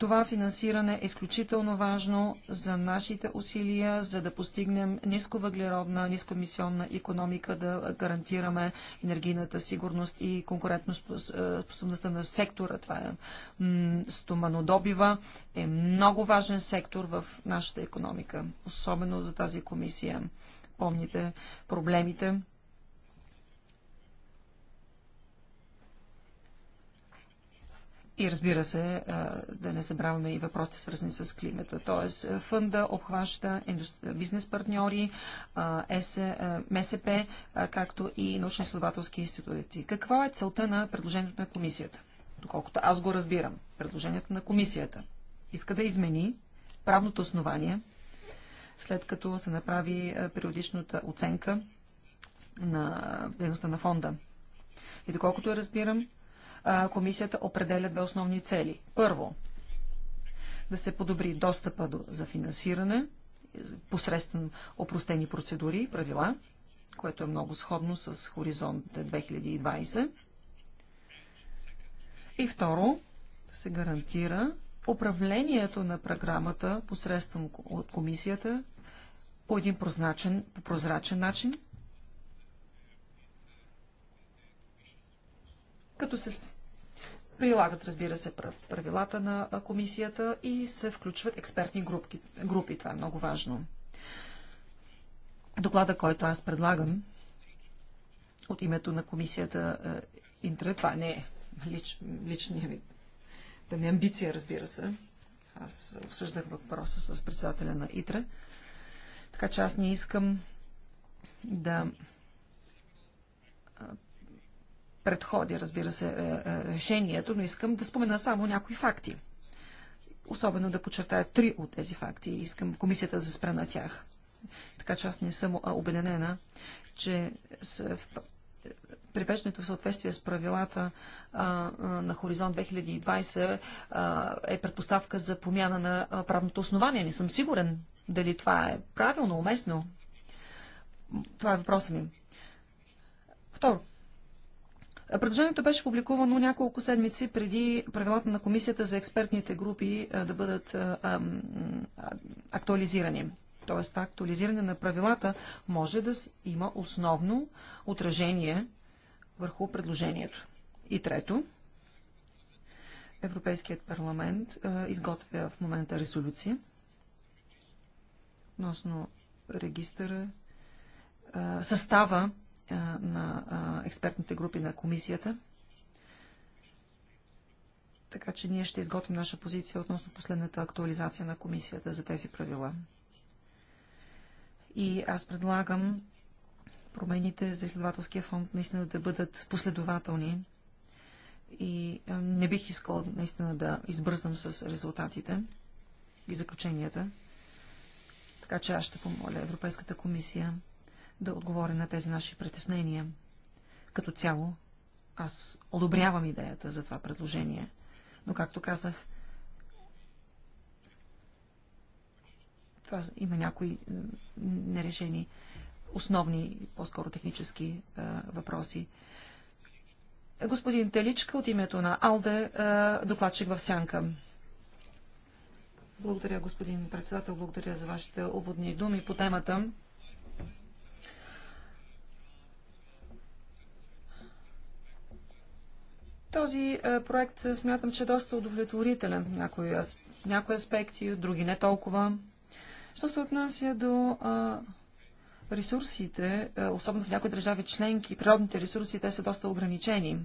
това финансиране е изключително важно за нашите усилия, за да постигнем нисковъглеродна, нискомисионна економика, да гарантираме енергийната сигурност и конкурентоспособността е, на сектора. Това е стоманодобива, е много важен сектор в нашата економика, особено за тази комисия. Помните проблемите, И разбира се, да не забравяме и въпросите свързани с климата. Тоест, фънда обхваща бизнес партньори, МСП, както и научно-изследователски институти. Каква е целта на предложението на комисията? Доколкото аз го разбирам, предложението на комисията иска да измени правното основание, след като се направи периодичната оценка на дейността на фонда. И доколкото я разбирам, комисията определя две основни цели. Първо, да се подобри достъпа до, за финансиране посредством опростени процедури и правила, което е много сходно с хоризонт 2020. И второ, се гарантира управлението на програмата посредством от комисията по един прозрачен, по прозрачен начин, като се прилагат, разбира се, правилата на комисията и се включват експертни групи. групи. Това е много важно. Доклада, който аз предлагам от името на комисията Интре, това не е лич, личния ми, да ми е амбиция, разбира се. Аз обсъждах въпроса с председателя на ИТРЕ. Така че аз не искам да предходи, разбира се, е, е, решението, но искам да спомена само някои факти. Особено да подчертая три от тези факти искам комисията да се спра на тях. Така че аз не съм убедена, че с привеждането в съответствие с правилата а, а, на Хоризонт 2020 а, е предпоставка за промяна на а, правното основание. Не съм сигурен дали това е правилно, уместно. Това е въпросът ми. Второ, Предложението беше публикувано няколко седмици преди правилата на комисията за експертните групи да бъдат актуализирани. Тоест, това актуализиране на правилата може да има основно отражение върху предложението. И трето, Европейският парламент изготвя в момента резолюция относно регистъра, състава на експертните групи на комисията. Така че ние ще изготвим наша позиция относно последната актуализация на комисията за тези правила. И аз предлагам промените за изследователския фонд наистина да бъдат последователни и не бих искал наистина да избързам с резултатите и заключенията. Така че аз ще помоля Европейската комисия да отговоря на тези наши притеснения. Като цяло, аз одобрявам идеята за това предложение, но, както казах, това има някои нерешени основни, по-скоро технически е, въпроси. Господин Теличка от името на АЛДЕ, е, докладчик в Сянка. Благодаря, господин председател, благодаря за вашите уводни думи по темата. Този е, проект е, смятам, че е доста удовлетворителен в някои, някои аспекти, други не толкова. Що се отнася до ресурсите, е, особено в някои държави членки, природните ресурси, те са доста ограничени.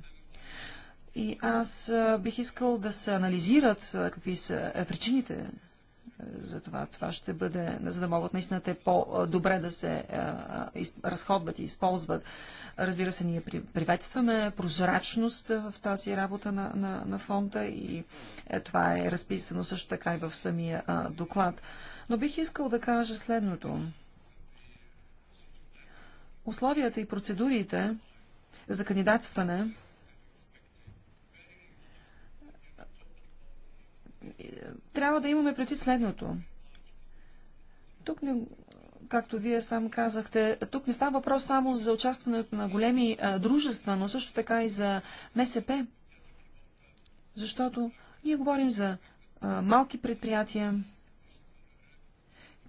И аз е, бих искал да се анализират какви са причините затова това ще бъде, за да могат наистина те по-добре да се разходват и използват. Разбира се, ние приветстваме прозрачност в тази работа на, на, на фонда и е, това е разписано също така и в самия а, доклад. Но бих искал да кажа следното. Условията и процедурите за кандидатстване трябва да имаме предвид следното. Тук не, както вие сам казахте, тук не става въпрос само за участването на големи а, дружества, но също така и за МСП. Защото ние говорим за а, малки предприятия,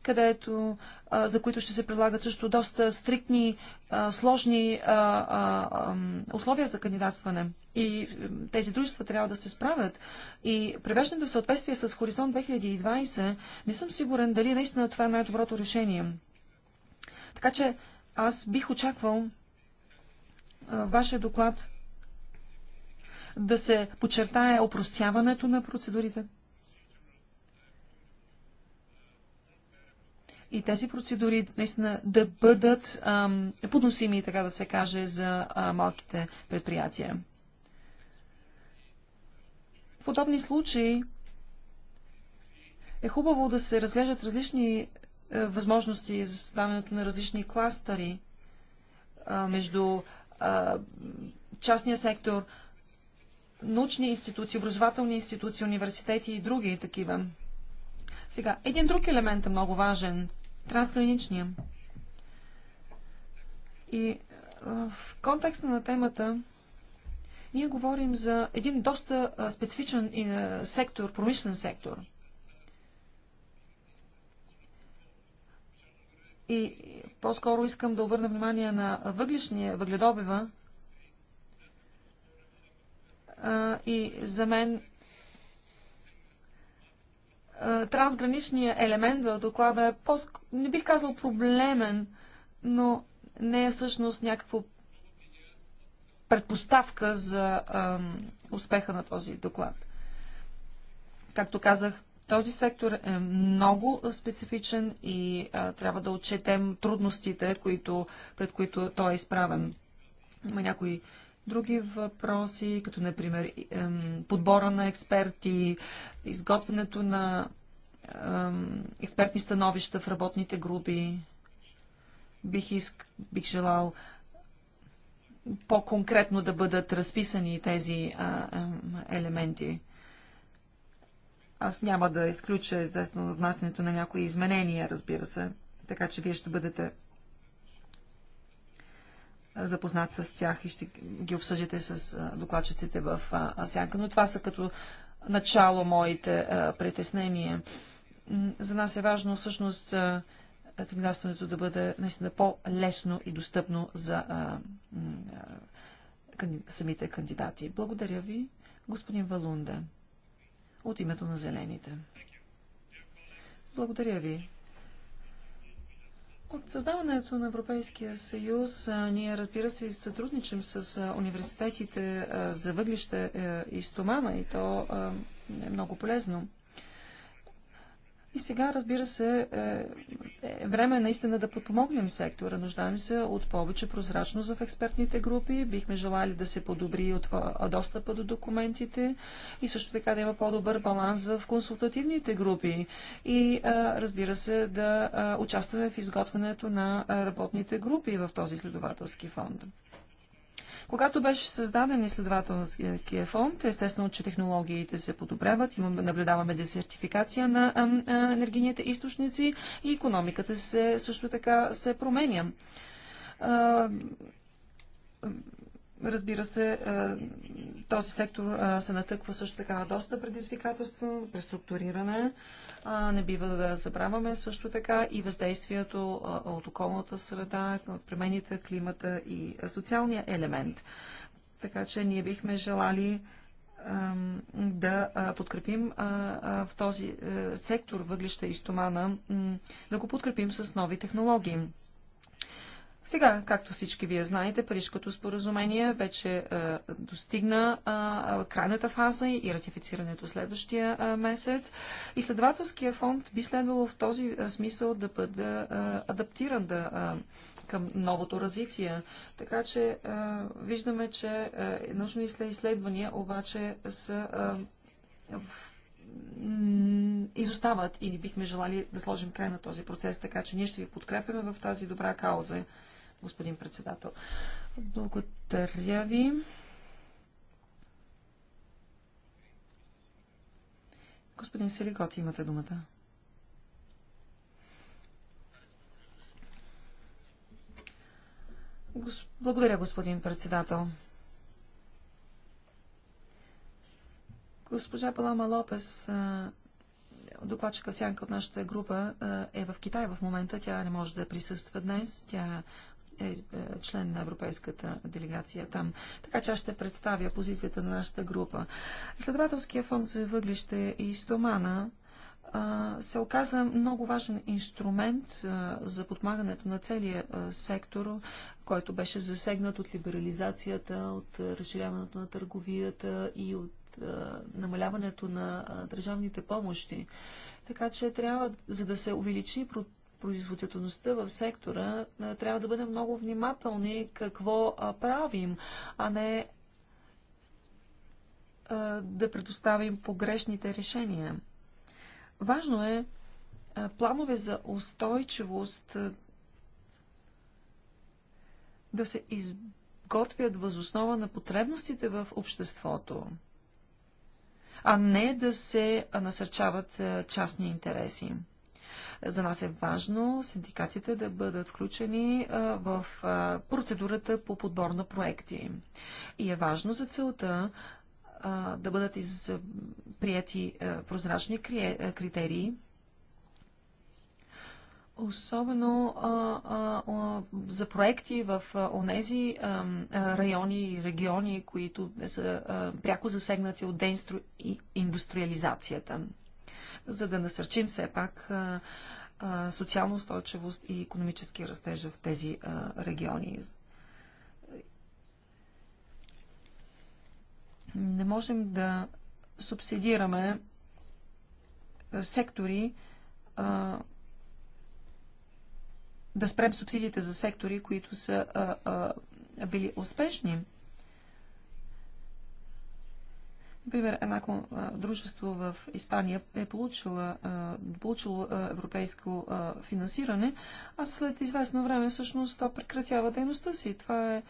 където, а, за които ще се прилагат също доста стриктни, а, сложни а, условия за кандидатстване. И тези дружества трябва да се справят. И превеждането в съответствие с Хоризонт 2020, не съм сигурен дали наистина това е най-доброто решение. Така че аз бих очаквал вашия доклад да се подчертае опростяването на процедурите, и тези процедури наистина да бъдат ам, подносими, така да се каже, за а, малките предприятия. В подобни случаи е хубаво да се разглеждат различни е, възможности за създаването на различни кластъри а, между а, частния сектор, научни институции, образователни институции, университети и други такива. Сега, един друг елемент е много важен трансграничния. И е, в контекста на темата ние говорим за един доста е, специфичен е, сектор, промишлен сектор. И по-скоро искам да обърна внимание на въглишния въгледобива. И за мен трансграничният елемент в доклада е по не бих казал проблемен, но не е всъщност някаква предпоставка за а, успеха на този доклад. Както казах, този сектор е много специфичен и а, трябва да отчетем трудностите, които, пред които той е изправен. Има някои други въпроси, като например подбора на експерти, изготвянето на експертни становища в работните групи. Бих, иск, бих желал по-конкретно да бъдат разписани тези елементи. Аз няма да изключа, естествено, внасянето на някои изменения, разбира се, така че вие ще бъдете запознат с тях и ще ги обсъждате с докладчиците в Асянка. Но това са като начало моите притеснения. За нас е важно всъщност кандидатстването да бъде наистина по-лесно и достъпно за самите кандидати. Благодаря ви, господин Валунда, от името на Зелените. Благодаря ви. От създаването на Европейския съюз ние, разбира се, сътрудничим с университетите за въглища и стомана и то е много полезно. И сега, разбира се, е, е време наистина да подпомогнем сектора. Нуждаем се от повече прозрачност в експертните групи. Бихме желали да се подобри от достъпа до документите и също така да има по-добър баланс в консултативните групи. И разбира се, да участваме в изготвянето на работните групи в този следователски фонд. Когато беше създаден изследователския фонд, естествено, че технологиите се подобряват, имаме, наблюдаваме десертификация на енергийните източници и економиката се също така се променя Разбира се, е, този сектор е, се натъква също така на доста предизвикателства, преструктуриране. Е, не бива да забравяме също така и въздействието от околната среда, промените, климата и социалния елемент. Така че ние бихме желали да подкрепим в този сектор въглища и стомана, да го подкрепим с нови технологии. Сега, както всички вие знаете, Парижкото споразумение вече е, достигна е, крайната фаза и ратифицирането следващия е, месец. следователския фонд би следвало в този смисъл да бъде адаптиран да, към новото развитие. Така че виждаме, че е научно изследвания обаче са в изостават и не бихме желали да сложим край на този процес, така че ние ще ви подкрепяме в тази добра кауза господин председател. Благодаря ви. Господин Селикот, имате думата. Благодаря, господин председател. Госпожа Палама Лопес, докладчика Сянка от нашата група, е в Китай в момента. Тя не може да присъства днес. Тя е, е член на Европейската делегация там. Така че аз ще представя позицията на нашата група. Следователския фонд за въглище и стомана се оказа много важен инструмент за подмагането на целия сектор, който беше засегнат от либерализацията, от разширяването на търговията и от намаляването на държавните помощи. Така че трябва, за да се увеличи производителността в сектора, трябва да бъдем много внимателни какво правим, а не да предоставим погрешните решения. Важно е планове за устойчивост да се изготвят възоснова на потребностите в обществото, а не да се насърчават частни интереси. За нас е важно синдикатите да бъдат включени в процедурата по подбор на проекти. И е важно за целта да бъдат прияти прозрачни критерии, Особено а, а, а, за проекти в онези райони и региони, които са пряко засегнати от деиндустриализацията. индустриализацията за да насърчим все пак социална устойчивост и економически растеж в тези региони. Не можем да субсидираме сектори, да спрем субсидиите за сектори, които са били успешни Например, една дружество в Испания е получила, получило европейско финансиране, а след известно време всъщност то прекратява дейността си. Това е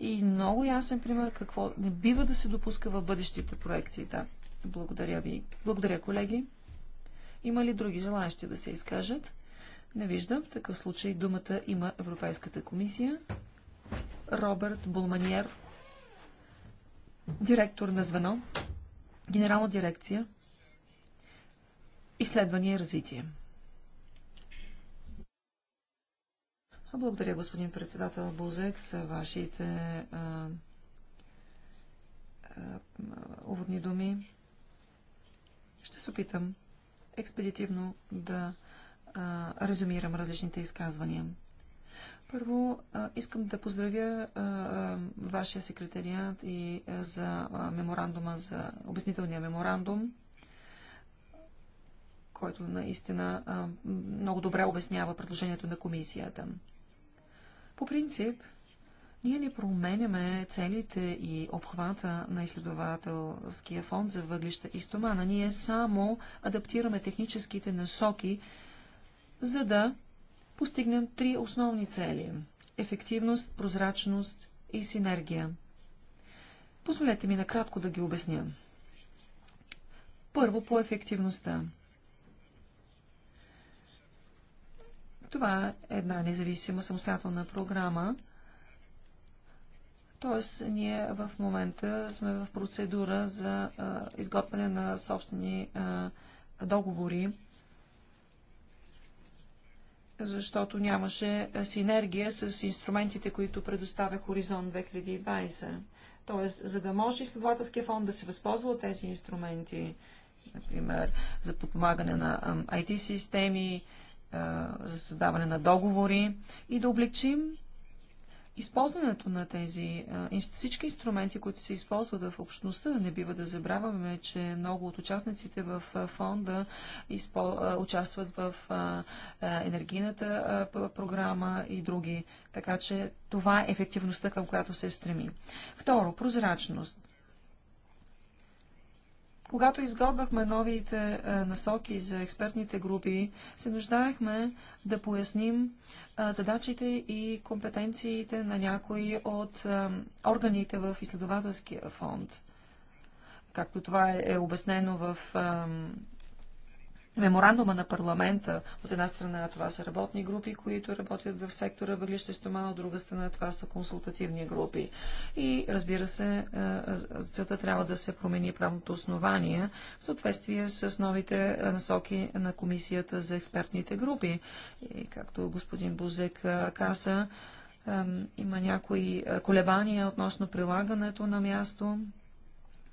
и много ясен пример какво не бива да се допуска в бъдещите проекти. Да. Благодаря ви. Благодаря, колеги. Има ли други желаящи да се изкажат? Не виждам. В такъв случай думата има Европейската комисия. Роберт Булманиер директор на звено, генерална дирекция, изследвания и развитие. Благодаря, господин председател Бузек, за вашите а, а, уводни думи. Ще се опитам експедитивно да а, резюмирам различните изказвания. Първо, искам да поздравя вашия секретариат и за меморандума, за обяснителния меморандум, който наистина много добре обяснява предложението на комисията. По принцип, ние не променяме целите и обхвата на изследователския фонд за въглища и стомана. Ние само адаптираме техническите насоки, за да постигнем три основни цели – ефективност, прозрачност и синергия. Позволете ми накратко да ги обясня. Първо по ефективността. Това е една независима самостоятелна програма, Тоест, ние в момента сме в процедура за а, изготвяне на собствени а, договори защото нямаше синергия с инструментите, които предоставя Хоризонт 2020. Тоест, за да може изследователския фонд да се възползва от тези инструменти, например, за подпомагане на IT-системи, за създаване на договори и да облегчим използването на тези всички инструменти, които се използват в общността, не бива да забравяме, че много от участниците в фонда участват в енергийната програма и други. Така че това е ефективността, към която се стреми. Второ, прозрачност. Когато изготвяхме новите е, насоки за експертните групи, се нуждаехме да поясним е, задачите и компетенциите на някои от е, органите в изследователския фонд. Както това е обяснено в меморандума на парламента. От една страна това са работни групи, които работят в сектора въглища стомана, от друга страна това са консултативни групи. И разбира се, е, целта трябва да се промени правното основание в съответствие с новите насоки на комисията за експертните групи. И както господин Бузек е, каза, е, има някои колебания относно прилагането на място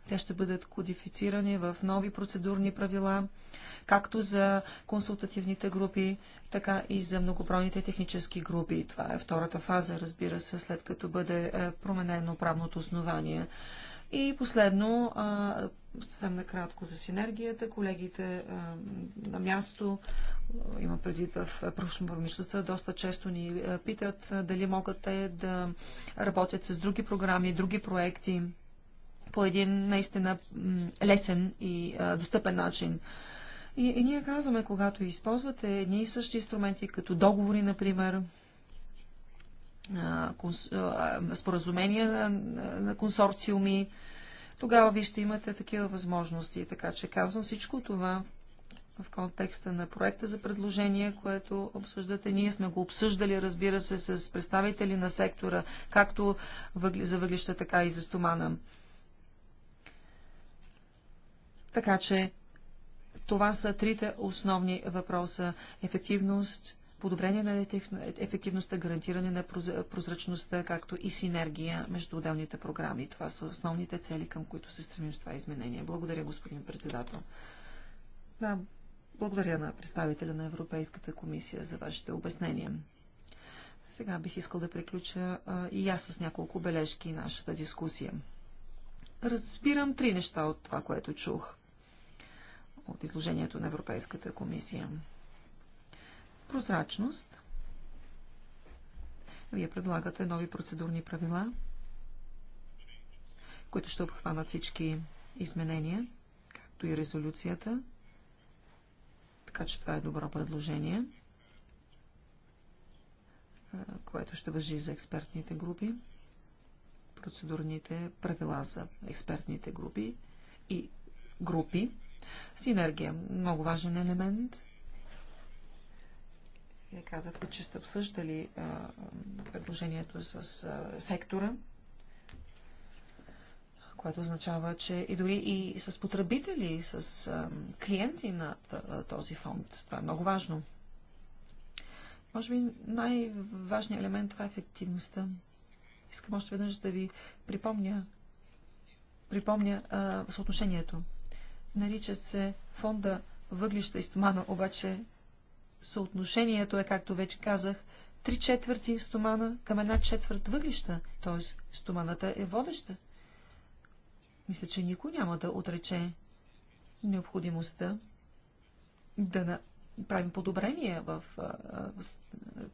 те ще бъдат кодифицирани в нови процедурни правила, както за консултативните групи, така и за многобройните технически групи. Това е втората фаза, разбира се, след като бъде е, променено правното основание. И последно, съвсем накратко за синергията. Колегите е, на място, е, има предвид в промишлеността, доста често ни питат дали могат те да работят с други програми, други проекти по един наистина лесен и достъпен начин. И, и ние казваме, когато използвате едни и същи инструменти, като договори, например, споразумения на, на консорциуми, тогава ви ще имате такива възможности. Така че казвам всичко това в контекста на проекта за предложение, което обсъждате. Ние сме го обсъждали, разбира се, с представители на сектора, както за въглища, така и за стомана. Така че това са трите основни въпроса. Ефективност, подобрение на ефективността, гарантиране на прозрачността, както и синергия между отделните програми. Това са основните цели, към които се стремим с това изменение. Благодаря, господин председател. Да, благодаря на представителя на Европейската комисия за вашите обяснения. Сега бих искал да приключа а, и аз с няколко бележки нашата дискусия. Разбирам три неща от това, което чух от изложението на Европейската комисия. Прозрачност. Вие предлагате нови процедурни правила, които ще обхванат всички изменения, както и резолюцията. Така че това е добро предложение, което ще въжи за експертните групи, процедурните правила за експертните групи и групи, Синергия. Много важен елемент. Вие казахте, че сте обсъждали а, предложението с а, сектора, което означава, че и дори и с потребители, с а, клиенти на този фонд. Това е много важно. Може би най-важният елемент това е ефективността. Искам още веднъж да ви припомня, припомня а, съотношението Нарича се фонда въглища и стомана, обаче съотношението е, както вече казах, три четвърти стомана към една четвърт въглища, т.е. стоманата е водеща. Мисля, че никой няма да отрече необходимостта да правим подобрение в, в, в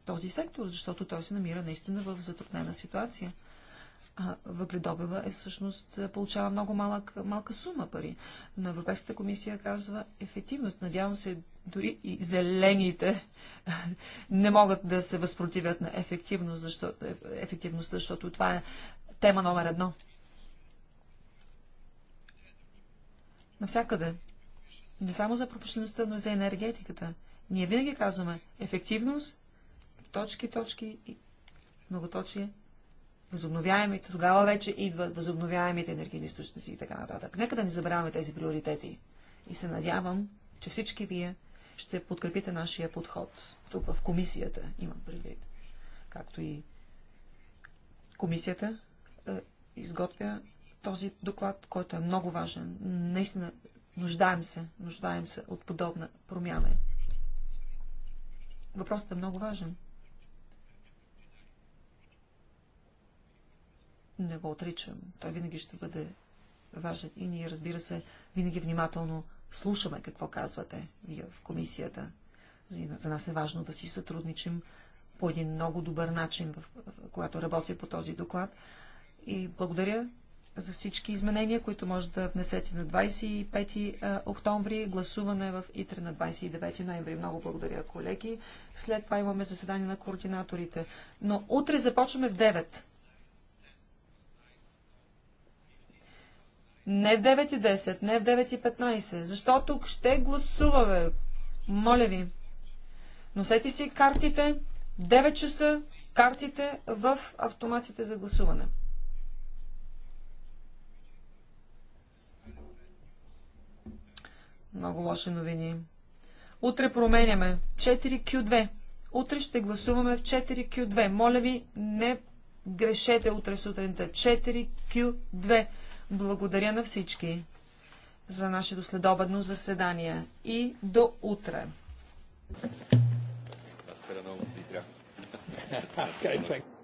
този сектор, защото той се намира наистина в затруднена ситуация а, въгледобива е всъщност получава много малък, малка сума пари. Но Европейската комисия казва ефективност. Надявам се, дори и зелените не могат да се възпротивят на ефективност, защото, е, ефективността, защото това е тема номер едно. Навсякъде. Не само за пропущеността, но и за енергетиката. Ние винаги казваме ефективност, точки, точки и многоточие възобновяемите, тогава вече идват възобновяемите енергийни източници и така нататък. Нека да не забравяме тези приоритети. И се надявам, че всички вие ще подкрепите нашия подход. Тук в комисията имам предвид. Както и комисията е, изготвя този доклад, който е много важен. Наистина, нуждаем се, нуждаем се от подобна промяна. Въпросът е много важен. не го отричам. Той винаги ще бъде важен и ние, разбира се, винаги внимателно слушаме какво казвате вие в комисията. За нас е важно да си сътрудничим по един много добър начин, в, когато работя по този доклад. И благодаря за всички изменения, които може да внесете на 25 октомври, гласуване в ИТРЕ на 29 ноември. Много благодаря, колеги. След това имаме заседание на координаторите. Но утре започваме в 9. Не в 9.10, не в 9.15, защото ще гласуваме. Моля ви, носете си картите, 9 часа картите в автоматите за гласуване. Много лоши новини. Утре променяме 4Q2. Утре ще гласуваме в 4Q2. Моля ви, не грешете утре сутринта. 4Q2. Благодаря на всички за нашето следобедно заседание и до утре. Okay,